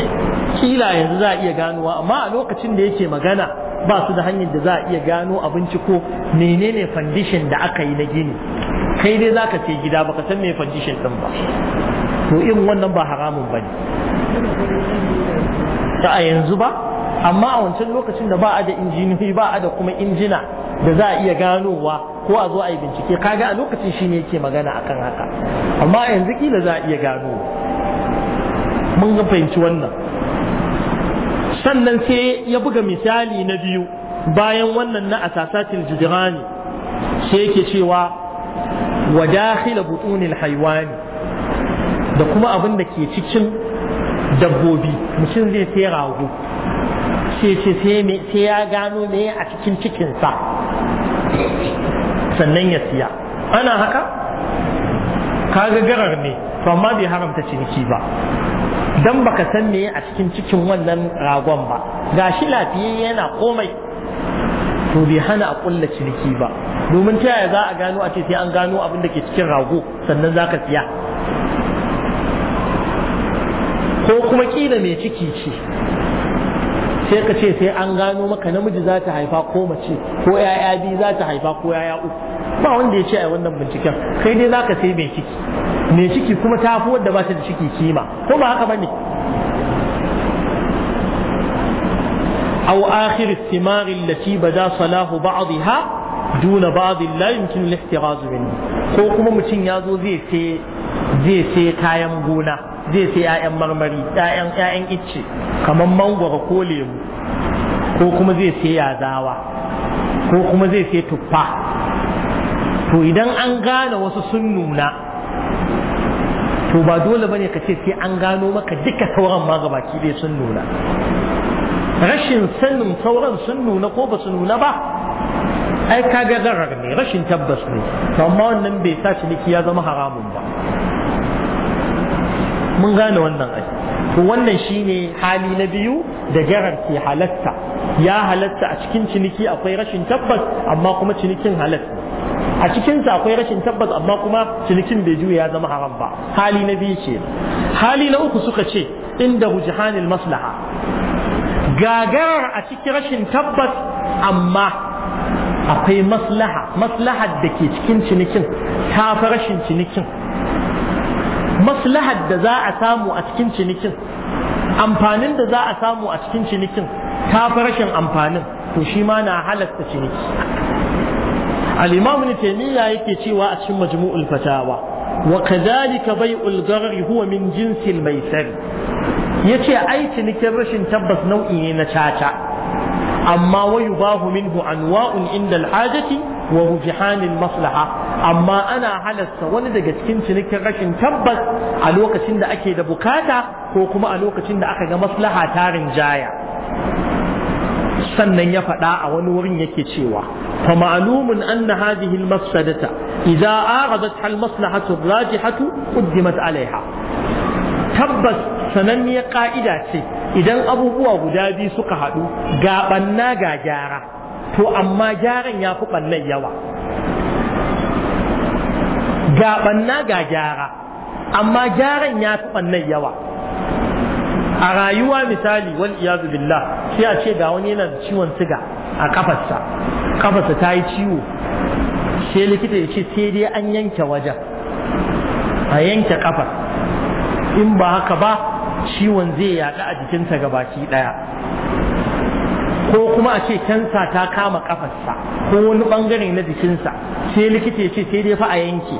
kila yanzu za a iya ganowa amma a lokacin da yake magana ba su da hanyar da za a iya gano abinci ko menene fandishin da aka yi na gini kai dai zaka ce gida baka san me fandishin din ba to irin wannan ba haramun bane ta a yanzu ba amma a wancan lokacin da ba a da injiniyoyi ba a da kuma injina da za a iya ganowa ko a zo a yi bincike kaga a lokacin shi ne yake magana akan haka amma a yanzu kila za a iya gano mun ga fahimci wannan sannan sai ya buga misali na biyu bayan wannan na asasatil judirani sai yake cewa wa dakhila butunil haywani da kuma abin da ke cikin dabbobi mutum zai sai rago sai ce sai ya gano me a cikin cikinsa sannan ya siya ana haka kaga garar ne to amma bai haramta ciniki ba dan baka san me a cikin cikin wannan ragon ba gashi lafiya yana komai to bai hana a kulla ciniki ba domin ta yaya za a gano a ce sai an gano abin da ke cikin rago sannan za ka siya ko kuma kila mai ciki ce sai ka ce sai an gano maka namiji za ta haifa ko mace ko 'ya'ya biyu za ta haifa ko 'ya'ya uku ba wanda ya ce a wannan binciken kai dai zaka sai mai ciki mai ciki kuma ta fi wadda ba ta da ciki kima ko ba haka bane أو آخر الثمار التي بدا صلاح بعضها دون بعض لا يمكن الاحتراز منه ko kuma mutum ya zo zai sai kayan gona zai sai 'ya'yan marmari 'ya'yan icce kamar mangwaro ko lemu ko kuma zai sai yazawa ko kuma zai sai tuffa to idan an gane wasu sun nuna to ba dole bane ka ce sai an gano maka duka sauran ma baki dai sun nuna rashin sanin sauran sun nuna ko ba su nuna ba ai ka ga zarar ne rashin tabbas ne to amma wannan bai sa ciniki ya zama haramun ba mun gane wannan ai to wannan shine hali na biyu da jarar ke halatta ya halatta a cikin ciniki akwai rashin tabbas amma kuma cinikin halatta a cikinsa akwai rashin tabbas amma kuma cinikin bai juya ya zama haram ba hali na biyu ce hali na uku suka ce inda rujhanil maslaha gagarar a cikin rashin tabbas amma akwai maslaha maslahar da ke cikin cinikin ta fi rashin cinikin maslahar da za a samu a cikin cinikin amfanin da za a samu a cikin cinikin ta fi rashin amfanin to shi ma na halarta ciniki al-imam ibn taymiya yake cewa a cikin majmu'ul fatawa wakazali ka bai gharri huwa min jinsil maisar yace ai cinikin rashin tabbas nau'i ne na caca amma wa yubahu minhu anwa'un inda al-hajati wa rujihanin maslaha amma ana halasta wani daga cikin cinikin rashin tabbas a lokacin da ake da bukata ko kuma a lokacin da aka ga maslaha tarin jaya sannan ya faɗa a wani wurin yake cewa fa ma'lumun anna hadhihi al-mafsadata idza aradat al-maslahatu ar-rajihatu quddimat 'alayha tabbas sananniyar ka'ida ce idan abubuwa guda biyu suka haɗu ga banna ga gyara to amma gyaran ya fi bannan yawa ga banna ga gyara amma gyaran ya fi bannan yawa a rayuwa misali wal iyazu billah sai a ce ga wani yana da ciwon siga a kafarsa kafarsa ta yi ciwo sai likita ya ce sai dai an yanke wajen a yanke kafar in ba haka ba ciwon zai yaɗa a jikinsa gabaki ɗaya ko kuma a ce kansa ta kama kafarsa ko wani bangare na jikinsa sai likita ya ce sai dai fa a yanke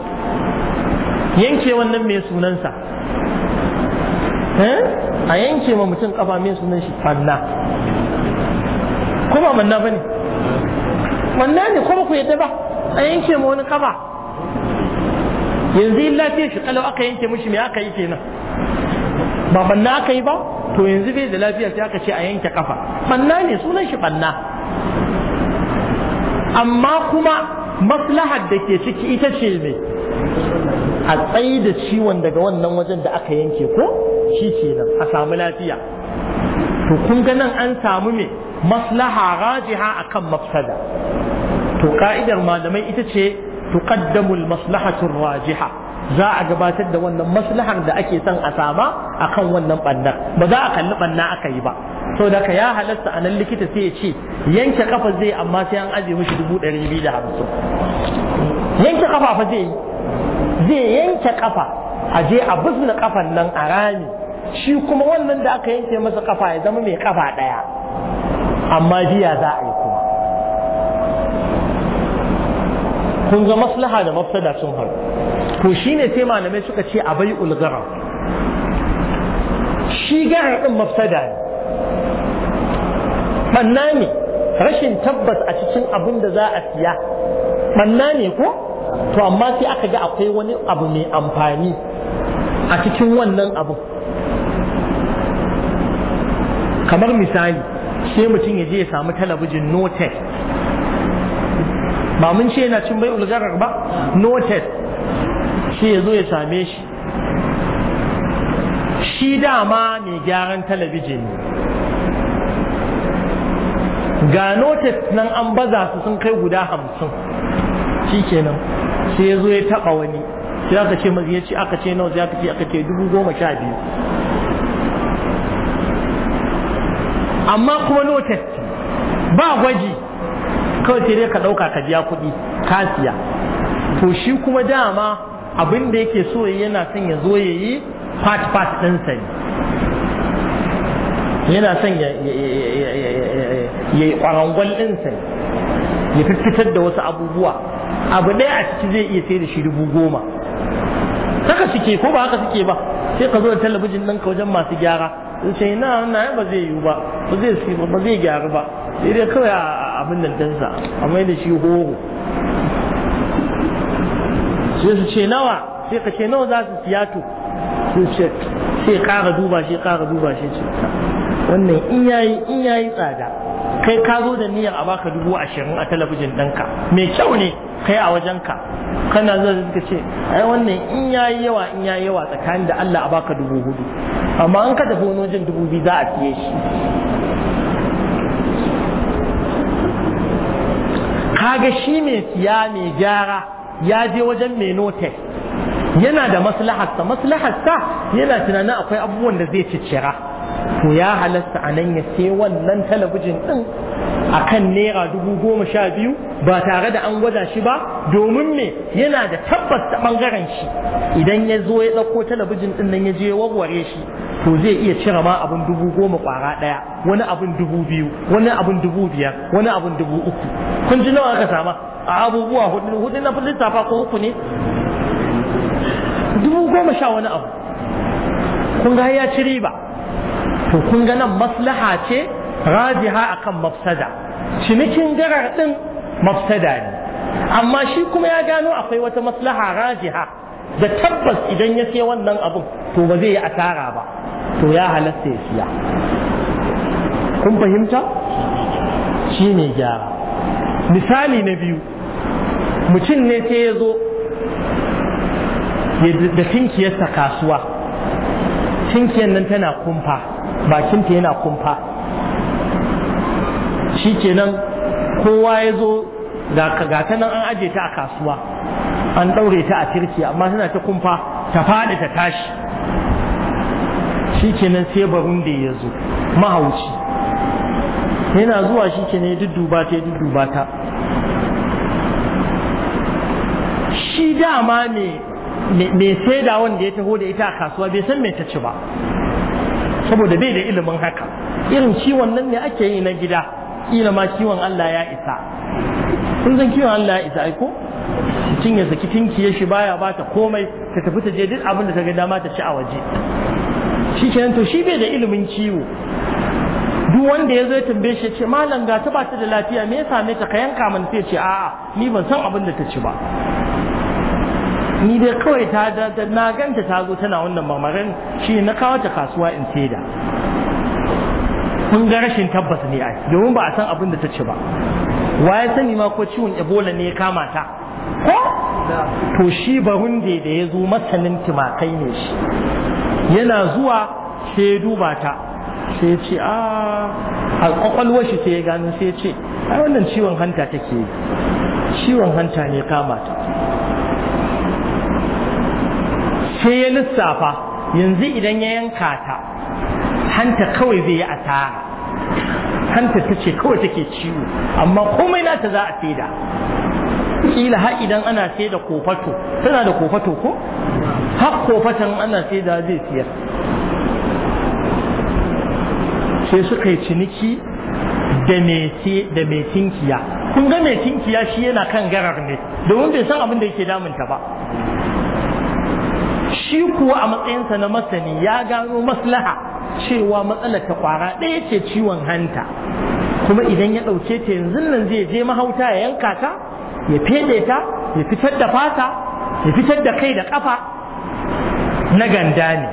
yanke wannan mai sunansa eh? a yanke ma mutum kafa mai sunan shi banna ko ba manna bane manna ne ko ba ku yadda ba a yanke ma wani kafa yanzu illa ce shi kalau aka yanke mishi me aka yi kenan ba banna aka yi ba to yanzu bai da lafiya sai aka ce a yanke kafa banna ne sunan shi banna amma kuma maslahar da ke ciki ita ce mai a tsaye da ciwon daga wannan wajen da aka yanke ko shi a samu lafiya to kun ga nan an samu me maslaha rajiha akan mafsada to ka'idar malamai ita ce tuqaddamul maslahatur rajiha za a gabatar da wannan maslahar da ake son a sama akan wannan bannar ba za a kalli banna aka yi ba sau da ka ya halatta a nan likita sai ya ce yanke kafa zai amma sai an aje mishi dubu ɗari biyu da hamsin yanke kafa fa zai yi zai yanke kafa a je a buzna kafan nan a rami shi kuma wannan da aka yanke masa kafa ya zama mai kafa daya amma jiya za a yi kuma kun ga maslaha da mafsada sun haru to ne sai malamai suka ce a bai ulgara shi gara din mafsada ne banna ne rashin tabbas a cikin abin da za a siya banna ne ko to amma sai aka ga akwai wani abu mai amfani a cikin wannan abu kamar misali sai mutum ya je ya samu talabijin no ba mun ce yana cin bai ulgarar ba no sai ya zo ya same shi shi dama mai gyaran talabijin ne ga notet nan an baza su sun kai guda hamsin shikenan sai ya zo ya taɓa wani sai aka ce mazi ya ce aka ce nawa sai aka ce aka ce dubu goma sha biyu amma kuma notas ba gwaji kawai sai dai ka ɗauka ka biya kuɗi kasiya. to shi kuma dama abin da yake so yana son ya zo ya yi fat fat ɗin ne yana son ya yi ƙwarangwal ɗinsa ne ya fitar da wasu abubuwa abu ɗaya a ciki zai iya sai da shi dubu goma haka suke ko ba haka suke ba sai ka zo da talabijin ɗin ka wajen masu gyara in ce na na ba zai yiwu ba ba zai si ba zai gyaru ba sai dai kawai a abin nan dansa a mai da shi horo sai su ce nawa sai ka ce nawa za su siya to sai kara duba shi kara duba shi ce wannan in yayi in yayi tsada kai ka zo da niyyar a baka dubu ashirin a talabijin ɗanka. mai kyau ne kai a wajenka kana zuwa suka ce ai wannan in yayi yawa in yayi yawa tsakanin da Allah a baka dubu hudu amma an ka tafi wani wajen dubu biyu za a siye shi kaga shi mai siya mai gyara ya je wajen mai notes yana da maslaharsa maslaharsa yana tunanin akwai abubuwan da zai ciccira to ya halasta a nan ya sai wannan talabijin din a kan naira dubu goma sha biyu ba tare da an gwada shi ba domin me yana da tabbas ta ɓangaren shi idan ya zo ya ɗauko talabijin ɗin nan ya je warware shi to zai iya cire ma abin dubu goma ƙwara ɗaya wani abin dubu biyu wani abin dubu biyar wani abin dubu uku kun ji nawa aka sama a abubuwa hudu hudu na lissafa ko uku ne dubu goma sha wani abu kun ga ya ci riba to kun ga nan maslaha ce rajiha akan mafsada cinikin garar ɗin mafsada ne amma shi kuma ya gano akwai wata maslaha rajiha da tabbas idan ya sai wannan abin to ba zai yi asara ba to ya halatta ya siya kun fahimta shi ne gyara misali na biyu mutum ne sai ya zo da tinkiyarsa kasuwa tinkiyar nan tana kumfa bakinta yana kumfa shikenan kowa ya zo ga ta nan an aje ta a kasuwa an ɗaure ta a tirki amma tana ta kumfa ta faɗi ta tashi shikenan sai barun da ya zo mahauci yana zuwa shikenan ya dudduba ta ya dudduba ta shi dama mai saida wanda ya taho da ita a kasuwa bai san mai ta ci ba saboda bai da ilimin haka irin ciwon nan ne ake yi na gida kila ma kiwon Allah ya isa kun san kiwon Allah ya isa ai ko ya saki ya shi baya bata komai ta tafi ta je duk abin da ta ga dama ta ci a waje shi kenan to shi bai da ilimin kiwo duk wanda ya zo ya tambaye shi ce malam ga ta ba da lafiya me ya same ta ka yanka man sai ce a'a ni ban san abin da ta ci ba ni dai kawai ta na ganta ta zo tana wannan mamarin shi na kawo ta kasuwa in saida kun ga rashin tabbas ne ai domin ba a san abin da ta ci ba waye sani ma ko ciwon ebola ne ya kama ta ko to shi barunde da ya zo masanin timakai ne shi yana zuwa sai ya duba ta sai ya ce ah, a kwakwalwar shi sai ya gano sai ya ce ai wannan ciwon hanta take yi ciwon hanta ne kama ta sai ya lissafa yanzu idan ya yanka ta hanta kawai zai yi asara hanta ta ce kawai take ciwo amma komai nata za a saida kila ha idan ana saida kofato tana da kofato ko ha kofatan ana saida zai siyar sai suka yi ciniki da mai tinkiya kun ga mai tinkiya shi yana kan garar ne domin bai san abin da yake ta ba shi kuwa a matsayinsa na masani ya gano maslaha cewa matsalar ta kwara ɗaya ce ciwon hanta kuma idan ya ɗauke ta yanzu nan zai je mahauta ya yanka ta ya fede ta ya fitar da fata ya fitar da kai da ƙafa na ganda ne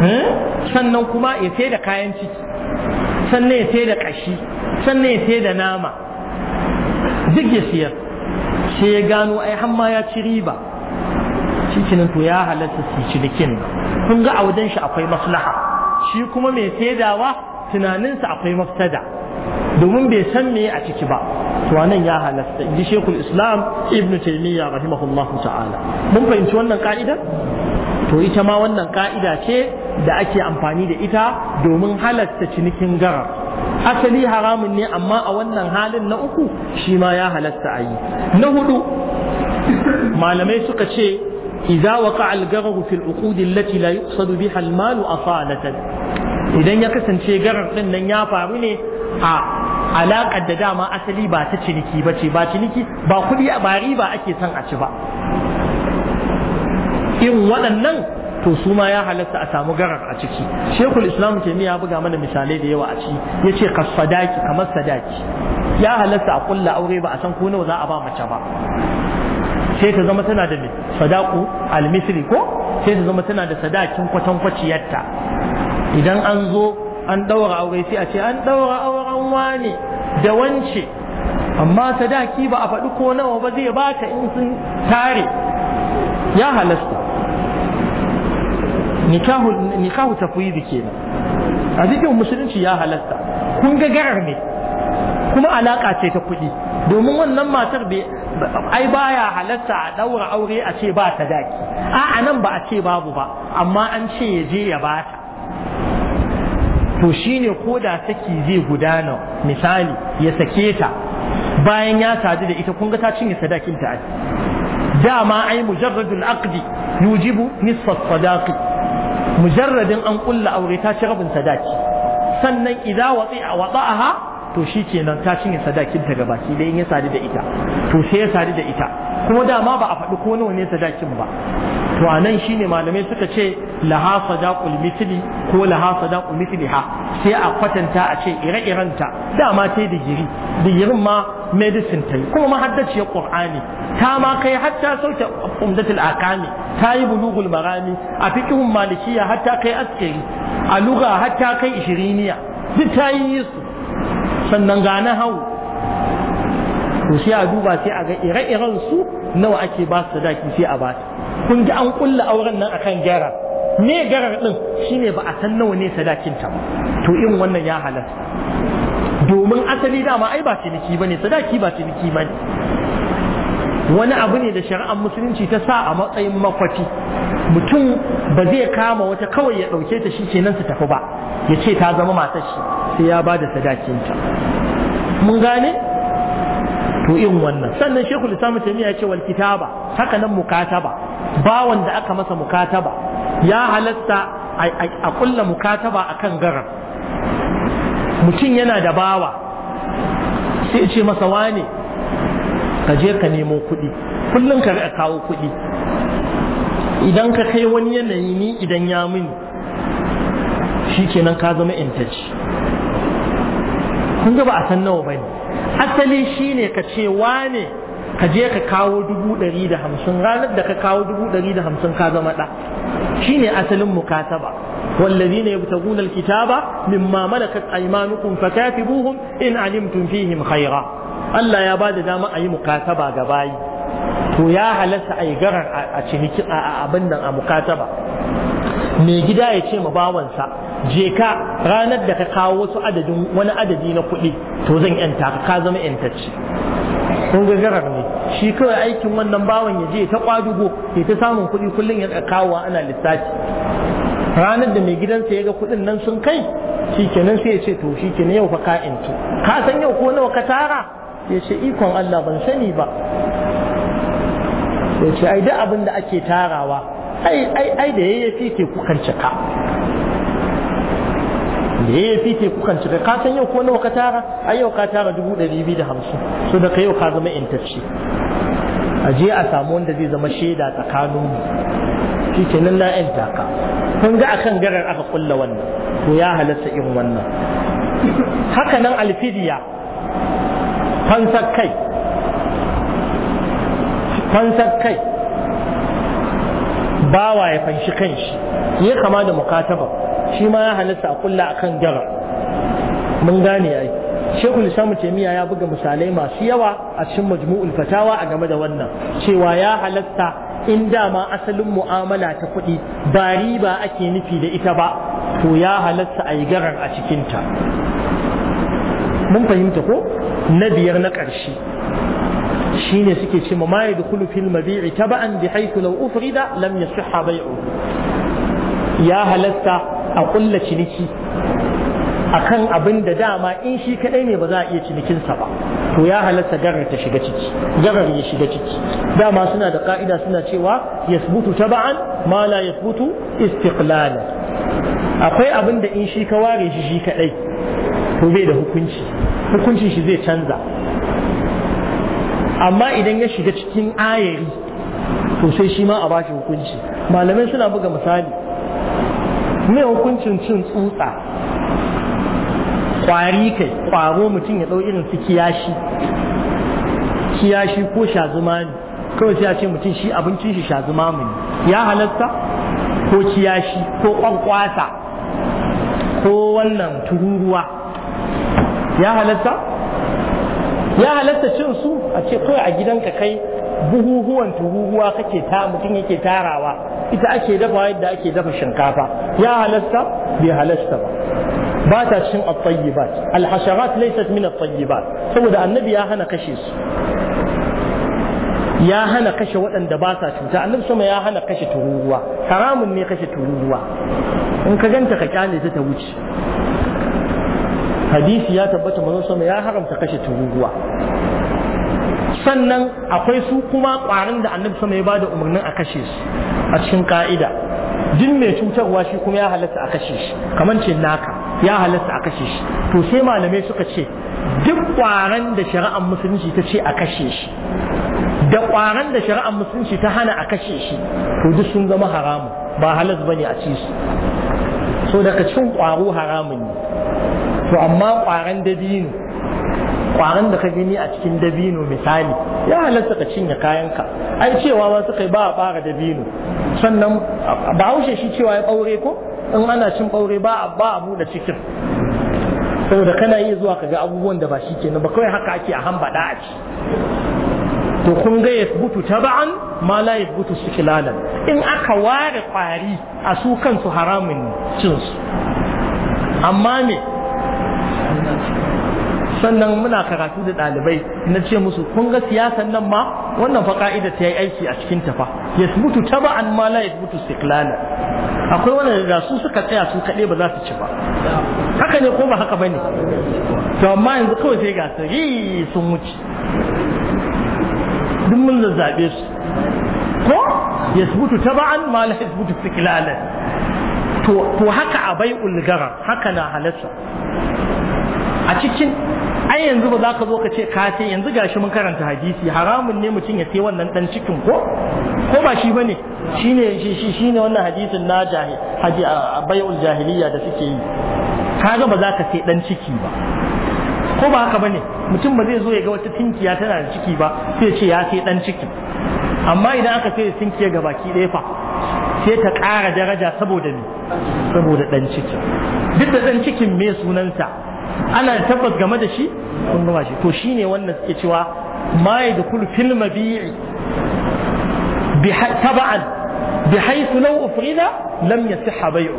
hmm? sannan kuma ya sai da kayan ciki sannan ya sai da ƙashi sannan ya sai da nama duk ya siyar sai ya gano ai hamma ya ci riba shi to ya halatta su cinikin kun ga a wajen shi akwai maslaha shi kuma mai saidawa tunaninsa akwai mafsada domin bai san me a ciki ba to anan ya halasta inji shekul islam ibn taymiya rahimahullah ta'ala mun fahimci wannan ka'ida to ita ma wannan ka'ida ce da ake amfani da ita domin halatta cinikin gara asali haramun ne amma a wannan halin na uku shi ma ya halatta a yi na hudu malamai suka ce idza waqa al-gharar fil uqud idan ya kasance garar ɗin nan ya faru ne a alaƙar da dama asali ba ta ciniki ba ce ba ciniki ba kuɗi ba riba ake son a ci ba Irin waɗannan to suma ya halarta a samu garar a ciki shekul islam ke ya buga mana misalai da yawa a ci yace ce sadaki kamar sadaki ya halarta a kulla aure ba a san ko nawa za a ba mace ba sai ta zama tana da sadaku almisri ko sai ta zama tana da sadakin kwatankwaciyarta idan an zo an ɗaura aure sai a ce an ɗaura auren wane da wance amma sadaki ba a faɗi ko nawa ba zai baka in sun tare ya halasta nikahu tafwidi kenan a cikin musulunci ya halasta kun ga garar ne kuma alaka ce ta kuɗi domin wannan matar ai baya halatta a daura aure a ce ba ta daki a nan ba a ce babu ba amma an ce ya je ya bata to shine ko da saki zai gudana misali ya sake ta bayan ya sadu da ita kun ga ta cinye sadakin ta ai dama ai mujarradul aqdi yujibu nisfa sadaqi mujarradin an kulla aure ta ci rabin sadaki sannan idza wadi'aha to shi kenan ta cinye sadakin ta gabaki dai in ya sadu da ita to sai ya sadu da ita kuma dama ba a faɗi ko nawa ne sadakin ba to a nan shine malamai suka ce laha sadaqul misli ko laha sadaqul misliha sai a kwatanta a ce ire-irenta dama ta yi digiri digirin ma medicine ta yi kuma mahaddaciyar qur'ani ta ma kai hatta sauke umdatul akami ta yi bulughul marami a fiqhun malikiya hatta kai askari a lugha hatta kai ishiriniya duk ta yi su sannan ga na hau to sai a duba sai a ga ire-iren su nawa ake ba su sadaki sai a ba kun ji an kulla auren nan akan gyara me gyara din shine ba a san nawa ne sadakin ta ba to in wannan ya halasta. domin asali dama ai ba ciniki bane sadaki ba ciniki bane wani abu ne da shari'ar musulunci ta sa a matsayin makwafi mutum ba zai kama wata kawai ya ɗauke ta shi kenan su tafi ba ya ce ta zama matar shi sai ya bada sadakinta mun gane to in wannan sannan shekul islamu ta ya ce wal kitaba haka nan mukataba bawan da aka masa mukataba ya halatta a kulla mukataba akan garar mutum yana da bawa sai ce masa wane ka je ka nemo kuɗi kullum ka kawo kuɗi idan ka kai wani yanayi ni idan ya mini shi kenan ka zama intanci kun ga ba a san nawa bane asali shine ka ce wane ka je ka kawo dubu ɗari da hamsin ranar da ka kawo dubu ɗari da hamsin ka zama ɗa shine asalin mukataba والذين يبتغون الكتاب مما ملكت أيمانكم فكاتبوهم in علمتم فيهم خيرا Allah ya ba da dama a yi mukataba ga bayi to ya halasta a yi garan a ciniki a abin nan a mukataba mai gida ya ce ma bawansa je ka ranar da ka kawo wasu adadin wani adadi na kuɗi to zan yanta ka zama yantacce kun gagarar ne shi kawai aikin wannan bawan ya je ta kwadugo ya ta samun kuɗi kullum ya kawo ana lissafi ranar da mai gidansa ya ga kuɗin nan sun kai shi kenan sai ya ce to shi kenan yau fa ka yantu ka san yau ko nawa ka tara ya ce ikon Allah ban sani ba ya ce ai duk abin da ake tarawa ai ai ai da yayyafi ke kukan cika da ya yi fike kukan cika ka san yau ko nawa ka tara a yau ka tara dubu ɗari biyu da hamsin so da ka yau ka zama intacci a je a samu wanda zai zama shaida tsakanin mu shi nan na yan taka kun ga akan garar aka kulla wannan to ya halatta irin wannan haka nan alfidiya fansar kai fansar kai bawa ya fanshi kanshi ya kama da mukatabar. shi ma ya halitta a kulla akan gara mun gane ai shekul islamu taimiyya ya buga misalai masu yawa a cikin majmu'ul fatawa a game da wannan cewa ya halatta in dama asalin mu'amala ta kuɗi ba riba ake nufi da ita ba to ya halatta a yi garar a cikinta mun fahimta ko na biyar na ƙarshe shine suke ce ma ya dukulu fil mabi'i taba'an bi haythu law ufrida lam yasihha bai'u ya halatta a kulla ciniki a kan abin da dama in shi kaɗai ne ba za a iya cinikinsa ba to ya halatta garar ta shiga ciki garar ya shiga ciki dama suna da ƙa'ida suna cewa yasbutu taba'an ma la yasbutu istiqlala akwai abin da in shi ka ware shi shi kadai to bai da hukunci hukuncin shi zai canza amma idan ya shiga cikin ayari to sai shi ma a bashi hukunci malamai suna buga misali mai hukuncin cin tsutsa kwari kai kwaro mutum ya ɗau irin su kiyashi kiyashi ko shazuma ne kawai sai a ce mutum shi abincin shi shazuma mu ne ya halatta ko kiyashi ko kwankwasa ko wannan tururuwa ya halatta ya halatta cin su a ce kawai a gidanka kai buhuhuwan tururuwa kake ta mutum yake tarawa ita ake dafa yadda ake dafa shinkafa ya halasta bai halasta ba ba ta cikin at-tayyibat al-hasharat laysat min at-tayyibat saboda annabi ya hana kashe su ya hana kashe waɗanda ba sa cuta annabi sama ya hana kashe tururuwa haramun ne kashe tururuwa in ka ganta ka kyale ta ta wuce hadisi ya tabbata manzon sama ya haramta kashe tururuwa sannan akwai su kuma ƙwarin da annabi sama ya ba da umarnin a kashe su a cikin ka'ida duk mai cutarwa shi kuma ya halatta a kashe shi kamar ce naka ya halatta a kashe shi to sai malamai suka ce duk ƙwaran da shari'ar musulunci ta ce a kashe shi da ƙwaran da shari'ar musulunci ta hana a kashe shi to duk sun zama haramu ba halas bane a ci su so daga cin ƙwaro haramun ne to amma kwaran dabino kwaran da ka gani a cikin dabino misali ya halatta ka cinye kayanka ai cewa ma suka ba a fara dabino sannan ba haushe shi cewa ya ɓaure ko in ana cin ɓaure ba a ba a buɗe cikin saboda kana iya zuwa ka ga abubuwan da ba shi kenan ba kawai haka ake a hamba hambaɗa a ci to kun ga yasbutu taba'an ma la yasbutu sikilalan in aka ware kwari a su kansu haramun cin su amma ne sannan muna karatu da ɗalibai na ce musu kun ga siyasan nan ma wannan fa ka'ida ta yi aiki a cikin ta fa yasbutu taba'an ma la yasbutu istiqlala akwai wanda da su suka tsaya su kaɗe ba za su ci ba haka ne ko ba haka bane to amma yanzu kawai sai ga sai sun wuce duk mun zazzabe su ko yasbutu taba'an ma la yasbutu istiqlala to haka a ulgara haka na halatta a cikin ai yanzu ba za ka zo ka ce ka ce yanzu gashi mun karanta hadisi haramun ne mutum ya sai wannan dan cikin ko ko ba shi bane shine shi shine wannan hadisin na jahil haji bai'ul jahiliya da suke yi kaga ba za ka sai dan ciki ba ko ba haka bane mutum ba zai zo ya ga wata tinkiya tana da ciki ba sai ce ya sai dan ciki amma idan aka sai tinkiya ga baki ɗaya fa sai ta ƙara daraja saboda me saboda dan ciki duk da dan cikin me sunansa ana da tabbas game da shi kun gama shi to shine wannan suke cewa ma yadkhul fil mabi'i tab'an bi haythu law ufrida lam yasihha bay'u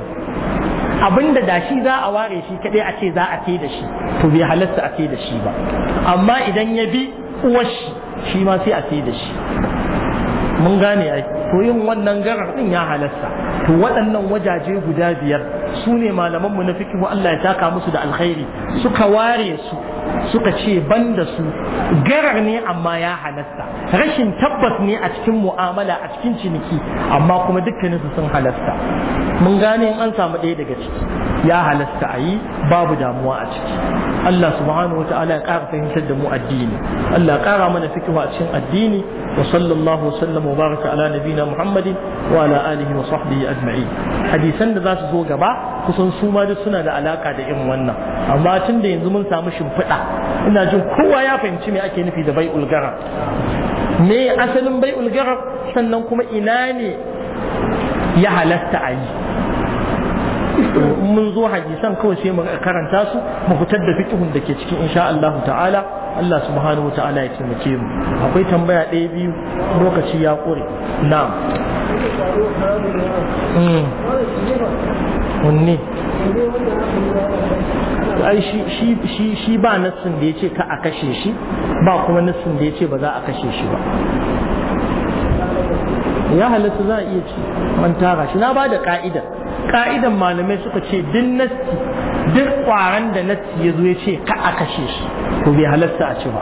abinda da shi za a ware shi kadai a ce za a ce da shi to bai halatta a ce da shi ba amma idan ya bi uwar shi shi ma sai a ce da shi mun gane ai to yin wannan garar din ya halatta to waɗannan wajaje guda biyar su ne malamanmu na fikihu Allah ya taka musu da alkhairi suka ware su suka ce ban da su garar ne amma ya halasta rashin tabbas ne a cikin mu'amala a cikin ciniki amma kuma dukkanin su sun halasta mun gane in an samu ɗaya daga ciki ya halasta a yi babu damuwa a ciki Allah subhanahu wata'ala ya ƙara fahimtar da mu addini Allah ya ƙara mana fikihu a cikin addini wa sallallahu wa sallam wa baraka ala nabina Muhammadin wa ala alihi wa sahbihi hadisan da za su zo gaba kusan su ma duk suna da alaka da irin wannan amma tun da yanzu mun samu shimfiɗa ina jin kowa ya fahimci me ake nufi da bai ulgara me asalin bai ulgara sannan kuma ina ne ya halatta a yi mun zo hadisan kawai sai mu karanta su mu fitar da fiqhun da ke cikin insha Allah ta'ala Allah subhanahu ta'ala ya taimake mu akwai tambaya ɗaya biyu lokaci ya ƙure na'am hmm. wanne ai shi shi shi ba nassin da yace ka a kashe shi ba kuma nassin da yace ba za a kashe shi ba ya halatta za a iya ci man tara shi na ba da ka'ida ka'idan malamai suka ce din nassi duk kwaran da nassi ya zo ya ce ka a kashe shi to bai halatta a ci ba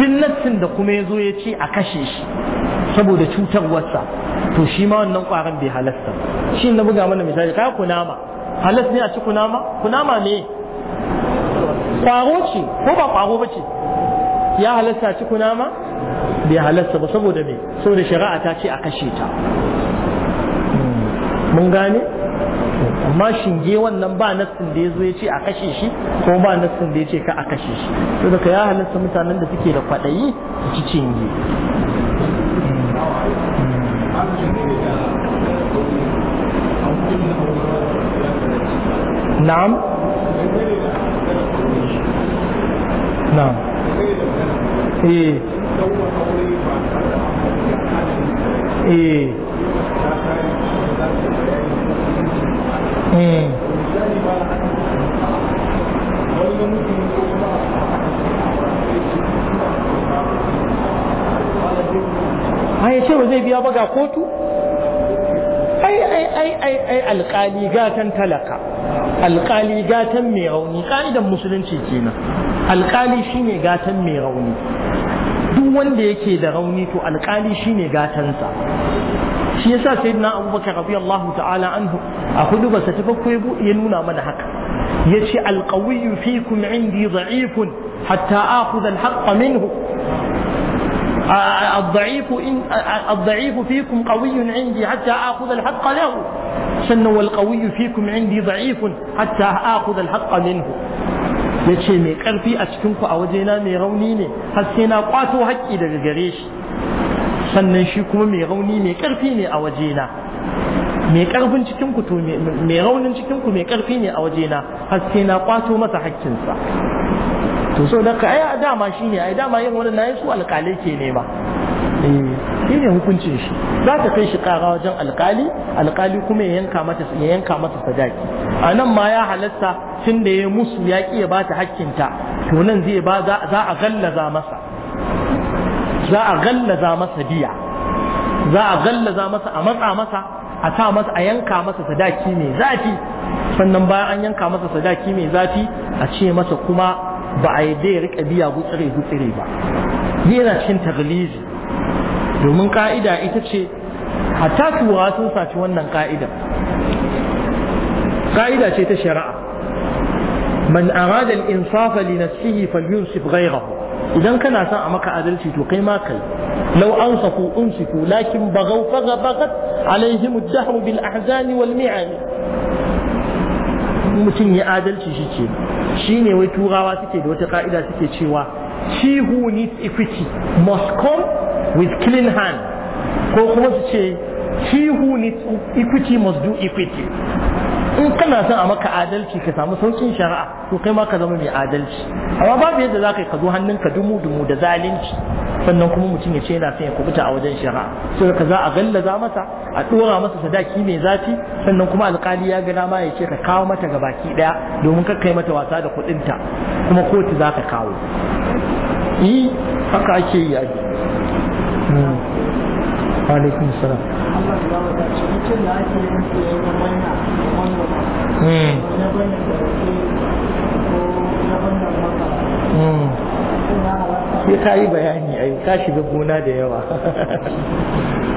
duk nassin da kuma ya zo ya ce a kashe shi saboda cutarwarsa to shi ma wannan kwaran bai halatta shi na buga mana misali ka kunama halas ne a ci kunama kunama ne kwaro ce ko ba kwaro ba ce ya halasta ci kunama bai halasta ba saboda me saboda shari'a ta ce a kashe ta hmm. mun gane amma shinge wannan ba nassin da ya zo ya ce a kashe shi ko ba nassin da ya ce ka a kashe shi to daga ya halatta mutanen da suke da kwaɗayi su ci cinge na'am na'am eh eh Hmm. a ya ce ba zai biya ba ga kotu ai ai ai ai ai alƙali gatan talaka gatan mai rauni ƙa'idan musulunci kenan alƙali shine gatan mai rauni duk wanda yake da rauni to alƙali shine gatansa shi yasa sayyidina abubakar radiyallahu ta'ala anhu a kudu ba sa tafi ya nuna mana haka yace alqawiyyu fiikum indi da'ifun hatta akhudha alhaqqa minhu الضعيف إن الضعيف فيكم قوي عندي حتى آخذ الحق له سن والقوي فيكم عندي ضعيف حتى آخذ الحق منه ya ce mai ƙarfi a cikinku a wajena mai rauni ne har sai na ƙwato haƙƙi daga gare shi sannan shi kuma mai rauni mai ƙarfi ne a wajena mai ƙarfin cikinku to mai raunin cikinku mai ƙarfi ne a wajena har sai na ƙwato masa haƙƙinsa to so da ka ai dama shine ai dama yin wani nayi su alƙalai ke nema Eh, shi ne hukuncin shi za ta kai shi kara wajen alkali alkali kuma ya yanka mata sadaki a nan ma ya halatta tun da ya musu ya ki ya bata hakkinta to nan zai ba za a gallaza masa za a gallaza masa biya za a gallaza masa a matsa masa a sa masa a yanka masa sadaki mai zafi sannan bayan an yanka masa sadaki mai zafi a ce masa kuma ba a yadda ya rika biya gutsire gutsire ba yana cin tagalizi domin ka'ida ita ce hatta tura sun saci wannan ka'ida ka'ida ce ta shari'a man arada al-insafa li nafsihi falyunsif ghayrahu idan kana son a maka adalci to kai ma kai law ansafu unsifu lakin bagaw faga alaihim ad-dahr bil ahzani wal mi'an mutum ya adalci shi ce shine wai turawa suke da wata ka'ida suke cewa he who needs equity must come with clean hand ko kuma su ce he who needs equity must do equity in kana son a maka adalci ka samu sauƙin shari'a to kai ma ka zama mai adalci amma babu yadda za ka yi ka zo hannunka dumu dumu da zalunci sannan kuma mutum ya ce yana son ya kubuta a wajen shari'a sai ka za a gallaza masa a dora masa sadaki mai zafi sannan kuma alƙali ya gana ma ya ce ka kawo mata ga baki ɗaya domin ka kai mata wasa da kuɗinta kuma kotu za ka kawo yi haka ake yi hmm. alaikun salam hmm. sai yi bayani ai shiga gona da yawa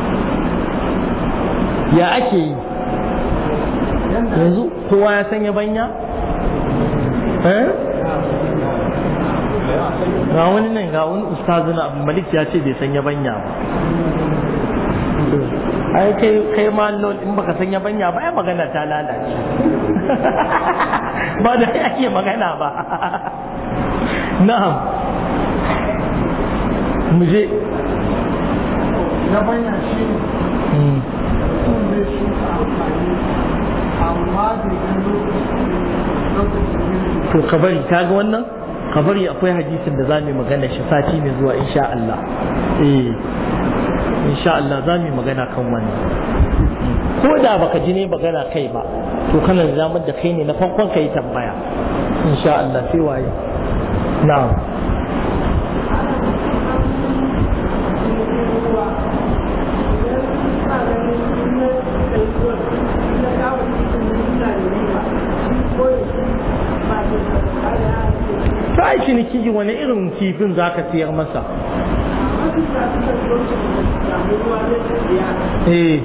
ya ake yi yanzu kowa ya sanya banya? eh ga wani nan ga wani ustazu na abu malik ya ce bai san banya ba ai kai kai ma lol in baka san banya ba ai magana ta lalace ba da ake magana ba na'am mu je yabanya shi to ka bari ga wannan ka bari akwai hadisin da za mu magana shi sati ne zuwa insha Allah eh insha Allah za mu magana kan wannan ko da baka ji ne magana kai ba to kana zama da kai ne na farkon kai tambaya insha Allah sai waye na'am ni ciniki wani irin kifin za ka siyar masa eh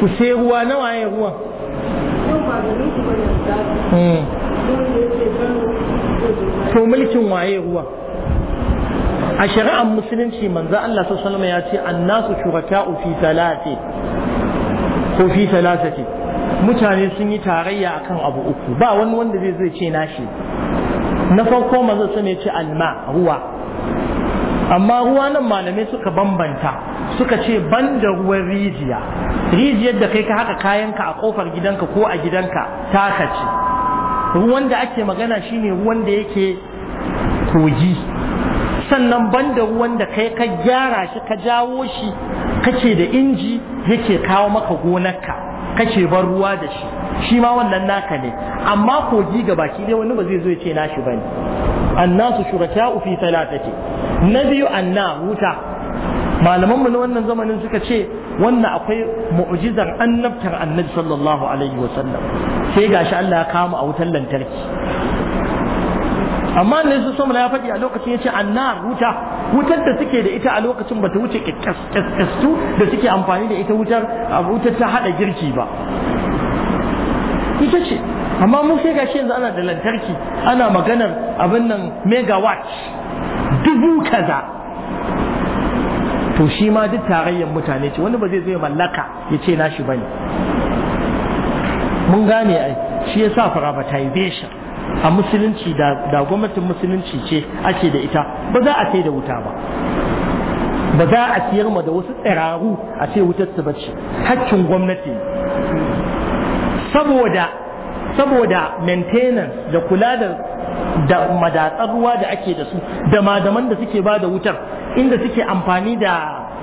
ku sai ruwa nawa ya ruwa hmm. to mulkin waye ruwa a shari'ar musulunci manzo Allah sallallahu alaihi wasallam ya ce annasu shuraka'u fi salati ko fi salasati mutane sun yi tarayya akan abu uku ba wani wanda zai zai ce nashi na farko manzo sun ya ce alma ruwa amma ruwa nan malamai suka bambanta suka ce ban da ruwan rijiya rijiyar da kai ka haka kayanka a kofar gidanka ko a gidanka taka ce ruwan da ake magana shine ruwan da yake kogi sannan ban da ruwan da kai ka gyara shi ka jawo shi kace da inji yake kawo maka gonarka kake ban ruwa da shi shi ma wannan naka ne amma kogi ga baki dai wani ba zai zo ya ce nashi bane annasu shuraka'u fi talatati na biyu anna wuta malaman mu na wannan zamanin suka ce wannan akwai mu'jizar annabtar annabi sallallahu alaihi wa sallam sai gashi Allah ya kama a wutar lantarki amma ne su sama ya faɗi a lokacin ya ce anna wuta wutar da suke da ita a lokacin bata wuce kyaskyastu da suke amfani da ita wutar a wutar ta hada girki ba ita ce amma mu sai gashi yanzu ana da lantarki ana maganar abin nan megawatt dubu kaza to shi ma duk tarayyar mutane ce wani ba zai zai mallaka ya ce nashi ba ne. mun gane ai shi yasa privatization a musulunci da gwamnatin musulunci ce ake da ita ba za a sai da wuta ba ba za a siyar ma da wasu tsiraru a ce wutar su bace hakkin gwamnati saboda saboda maintenance da kula da da madatsar ruwa da ake da su da madaman da suke ba da wutar inda suke amfani da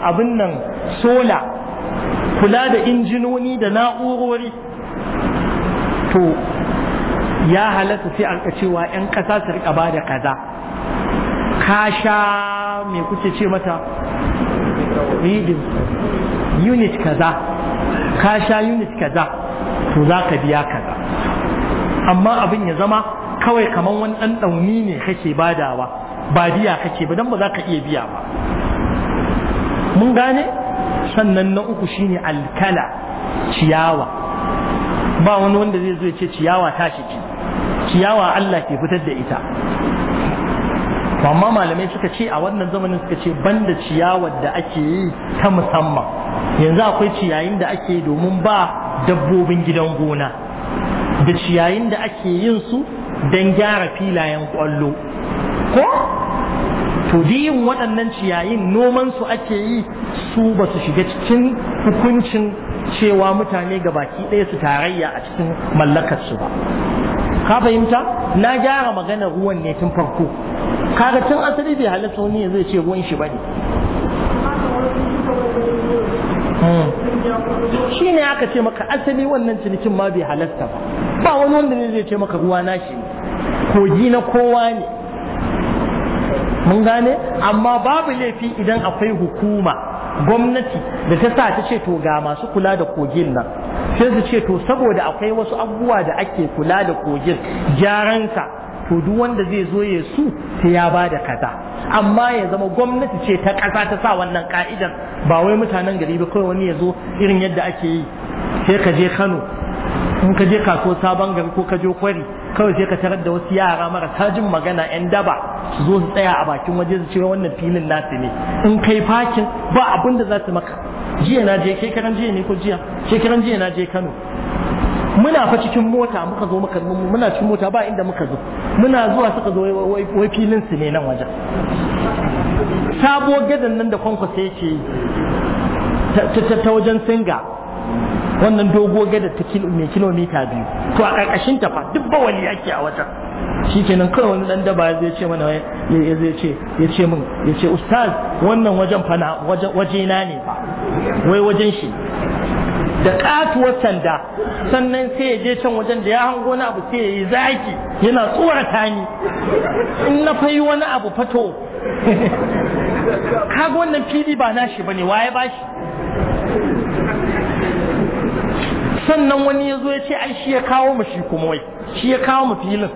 abin nan sola kula da injinoni da na'urori to ya halatta sai arka cewa 'yan ƙasa su riƙa ba da kaza ka sha me kuke ce mata reading unit kaza ka sha unit kaza to za ka biya kaza amma abin ya zama kawai kamar wani ɗan ɗauni ne kake badawa ba biya kake ba don ba za ka iya biya ba mun gane sannan na uku shine alkala ciyawa ba wani wanda zai zo ya ce ciyawa ta shiki ciyawa Allah ke fitar da ita amma malamai suka ce a wannan zamanin suka ce banda ciyawar da ake yi ta musamman yanzu akwai ciyayin da ake yi domin ba dabbobin gidan gona da ciyayin da ake yin su don gyara filayen kwallo ko to yin waɗannan ciyayin noman su ake yi su ba su shiga cikin hukuncin cewa mutane ga baki ɗaya su tarayya a cikin mallakarsu ba ka fahimta na gyara magana ruwan ne tun farko kaga tun asali bai halatta wani zai ce ruwan shi bane hmm. shi ne aka ce maka asali wannan cinikin ma bai halatta ba ba wani wanda ne zai ce maka ruwa na shi ne kogi na kowa ne mun gane amma babu laifi idan akwai hukuma gwamnati da ta sa ta ce to ga masu kula da kogin nan sai su ce to saboda akwai wasu abubuwa da ake kula da kogin gyaransa to duk wanda zai zo ya su sai ya ba da kaza amma ya zama gwamnati ce ta ƙasa ta sa wannan ka'idar ba wai mutanen gari ba kawai wani ya zo irin yadda ake yi sai ka je kano in ka je kasuwar sabon gari ko ka je kwari kawai sai ka tarar da wasu yara mara jin magana yan daba su zo su tsaya a bakin waje su ce wannan filin nasu ne in kai fakin ba abin za su maka jiya na je shekaran jiya ne ko jiya shekaran jiya na je Kano muna fa cikin mota muka zo muka muna cikin mota ba inda muka zo muna zuwa suka zo wai filin su ne nan wajen sabo gadan nan da kwankwasa yake ta wajen singa wannan dogo gadar ta mai kilomita biyu to a ƙarƙashin ta fa duk bawali ake a wata kenan kawai wani dan daba zai ce mana ya ce ya ce min ya ce ustaz wannan wajen fa waje na ne fa wai wajen shi da katuwar sanda sannan sai ya je can wajen da ya hango wani abu sai ya yi zaki yana tsorata ni in na fayi wani abu fato kaga wannan fili ba nashi bane waye bashi sannan wani ya zo ya ce ai shi ya kawo mu shi kuma wai shi ya kawo mu filin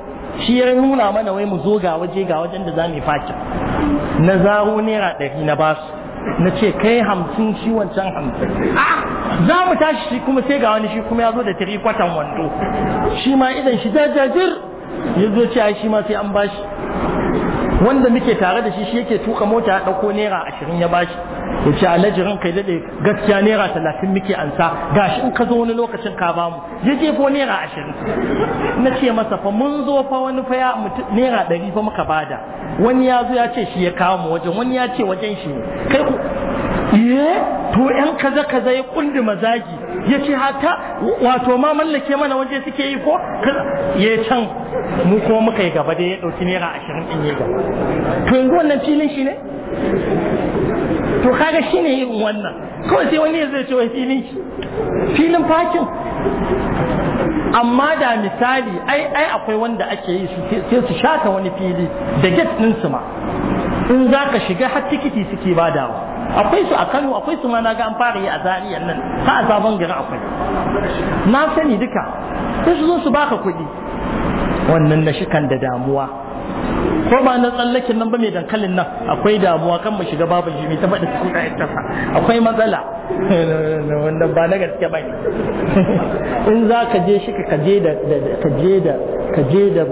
shi ya nuna mana wai mu zo ga waje ga wajen da za mu yi fakin na zaro naira ɗari na basu na ce kai hamsin shi wancan hamsin a za mu tashi shi kuma sai ga wani shi kuma ya zo da tiri kwatan wando shi ma idan shi jajajir ya zo ce shi ma sai an bashi wanda muke tare da shi shi yake tuka mota ya dauko naira ashirin ya bashi ya ce alhaji ranka kai daɗe gaskiya naira talatin muke ansa gashi in ka zo wani lokacin ka bamu ya jefo naira ashirin na ce masa fa mun zo fa wani fa ya naira ɗari fa muka bada wani ya zo ya ce shi ya kawo mu wajen wani ya ce wajen shi kai ku ye to yan kaza kaza ya kundi mazagi ya ce hata wato ma mallake mana waje suke yi ko kir ya can mu kuma muka yi gaba da ya ɗauki naira ashirin din ya gaba to yanzu wannan filin shi ne to kaga shi ne irin wannan kawai sai wani ya zai ce wai filin shi filin fakin amma da misali ai ai akwai wanda ake yi sai su shata wani fili da gate ɗinsu ma in za ka shiga har tikiti suke badawa akwai su a Kano akwai su ma na ga an fara yi a zariyan nan ha a sabon gari akwai na sani duka sai su zo su baka kuɗi wannan na shikan da damuwa ko ba na tsallakin nan ba mai dankalin nan akwai damuwa kan mu shiga babu shi mai ta faɗi su ɗaya akwai matsala wannan ba na gaske ba ne in za ka je shi ka je da ka je da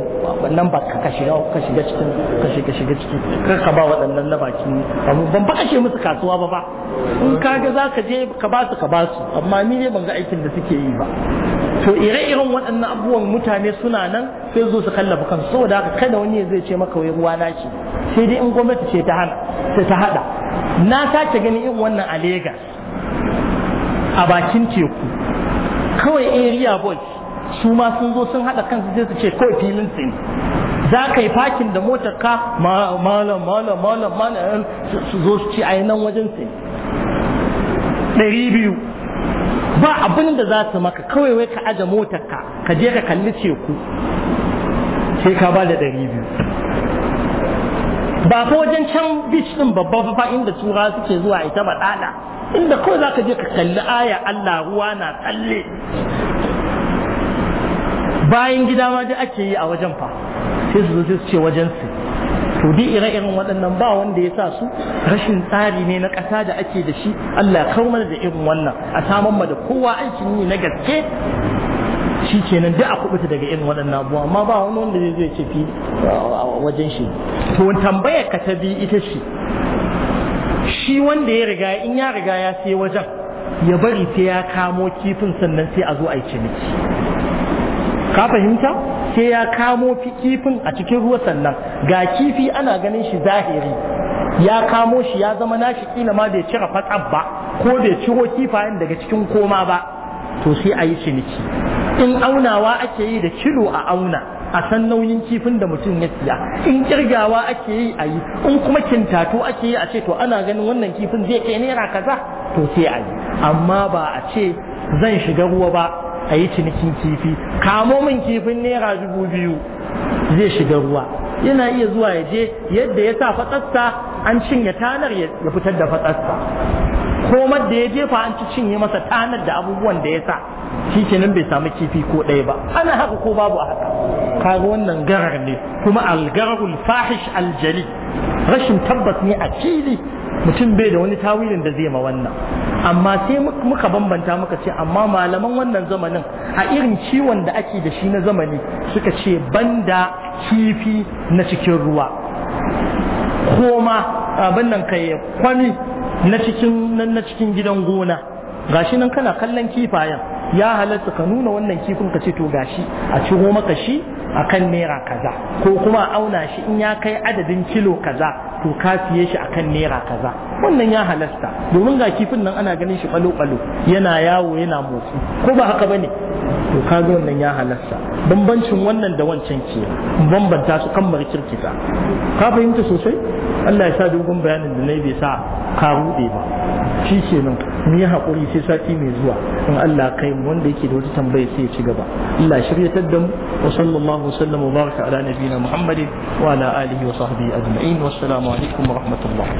wannan ba ka shiga ka shiga cikin ka shiga shiga ciki kar ka ba waɗannan na baki ne. ban ba kashe musu kasuwa ba ba in ka ga za ka je ka ba su ka ba su amma ni ne ban ga aikin da suke yi ba to ire-iren waɗannan abubuwan mutane suna nan sai zo su kallafa kansu saboda haka kada wani zai ce maka wai ruwa na ce sai dai in gwamnati ce ta hana sai ta hada na sake gani irin wannan a Legas a bakin teku kawai area boys su ma sun zo sun haɗa kansu sai su ce ko filin su za ka yi fakin da motar ka malam malam malam malam su zo su ci, a nan wajen su ɗari biyu ba abin da za su maka kawai wai ka aje motar ka ka je ka kalli teku sai ka ba da ɗari biyu ba fa wajen can beach din babba fa inda tura suke zuwa ita baɗala inda kawai za ka je ka kalli aya Allah ruwa na tsalle bayan gida ma da ake yi a wajen fa sai su zo sai su ce wajen su to bi ire-iren waɗannan ba wanda ya sa su rashin tsari ne na ƙasa da ake da shi Allah kawo mana da irin wannan a saman ma da kowa aikin yi na gaske shi kenan duk a kubuta daga irin waɗannan abubuwa amma ba wani wanda zai ce fi wajen shi to tambayar ka ta bi ita shi shi wanda ya riga in ya riga ya sai wajen ya bari sai ya kamo kifin sannan sai a zo a yi ciniki ka fahimta sai ya kamo kifin a cikin ruwa sannan ga kifi ana ganin shi zahiri ya kamo shi ya zama nashi kila ma bai cire fatsab ba ko bai ciro kifayen daga cikin koma ba to sai a yi ciniki in aunawa ake yi da kilo a auna a san nauyin kifin da mutum ya siya in kirgawa ake yi a yi in kuma kintato ake yi a ce to ana ganin wannan kifin zai kai naira kaza to sai a yi amma ba a ce zan shiga ruwa ba a yi cinikin kifi kamo min kifin naira dubu biyu zai shiga ruwa yana iya zuwa ya je yadda ya sa fatsasta an cinye tanar ya fitar da fatsasta komar da ya jefa an ci cinye masa tanar da abubuwan da ya sa shikenan bai samu kifi ko ɗaya ba ana haka ko babu a haka kaga wannan garar ne kuma algararul fahish aljali rashin tabbas ne a fili mutum bai da wani tawilin da zai ma wannan amma sai muka bambanta muka ce amma malaman wannan zamanin a irin ciwon da ake da shi na zamani suka ce banda kifi na cikin ruwa koma abin nan yi kwami na cikin na cikin gidan gona gashi nan kana kallon kifayen ya halatta ka nuna wannan kifin ka ce to gashi a ciro maka shi akan naira kaza ko kuma auna shi in ya kai adadin kilo kaza to ka siye shi akan naira kaza wannan ya halasta domin ga kifin nan ana ganin shi balo-balo yana yawo yana motsi ko ba haka bane to ka ga wannan ya halasta bambancin wannan da wancan ke bambanta su kan kirkita ka fahimta sosai Allah ya sa dogon bayanin da na bai sa ka ruɗe ba shi ke nan mu yi haƙuri sai sati mai zuwa in Allah kai mu wanda yake da wata tambaya sai ya ci gaba Allah shiryatar da mu wa sallallahu wasallam wa baraka ala nabiyina Muhammadin wa ala alihi wa sahbihi ajma'in wassalamu alaikum wa rahmatullah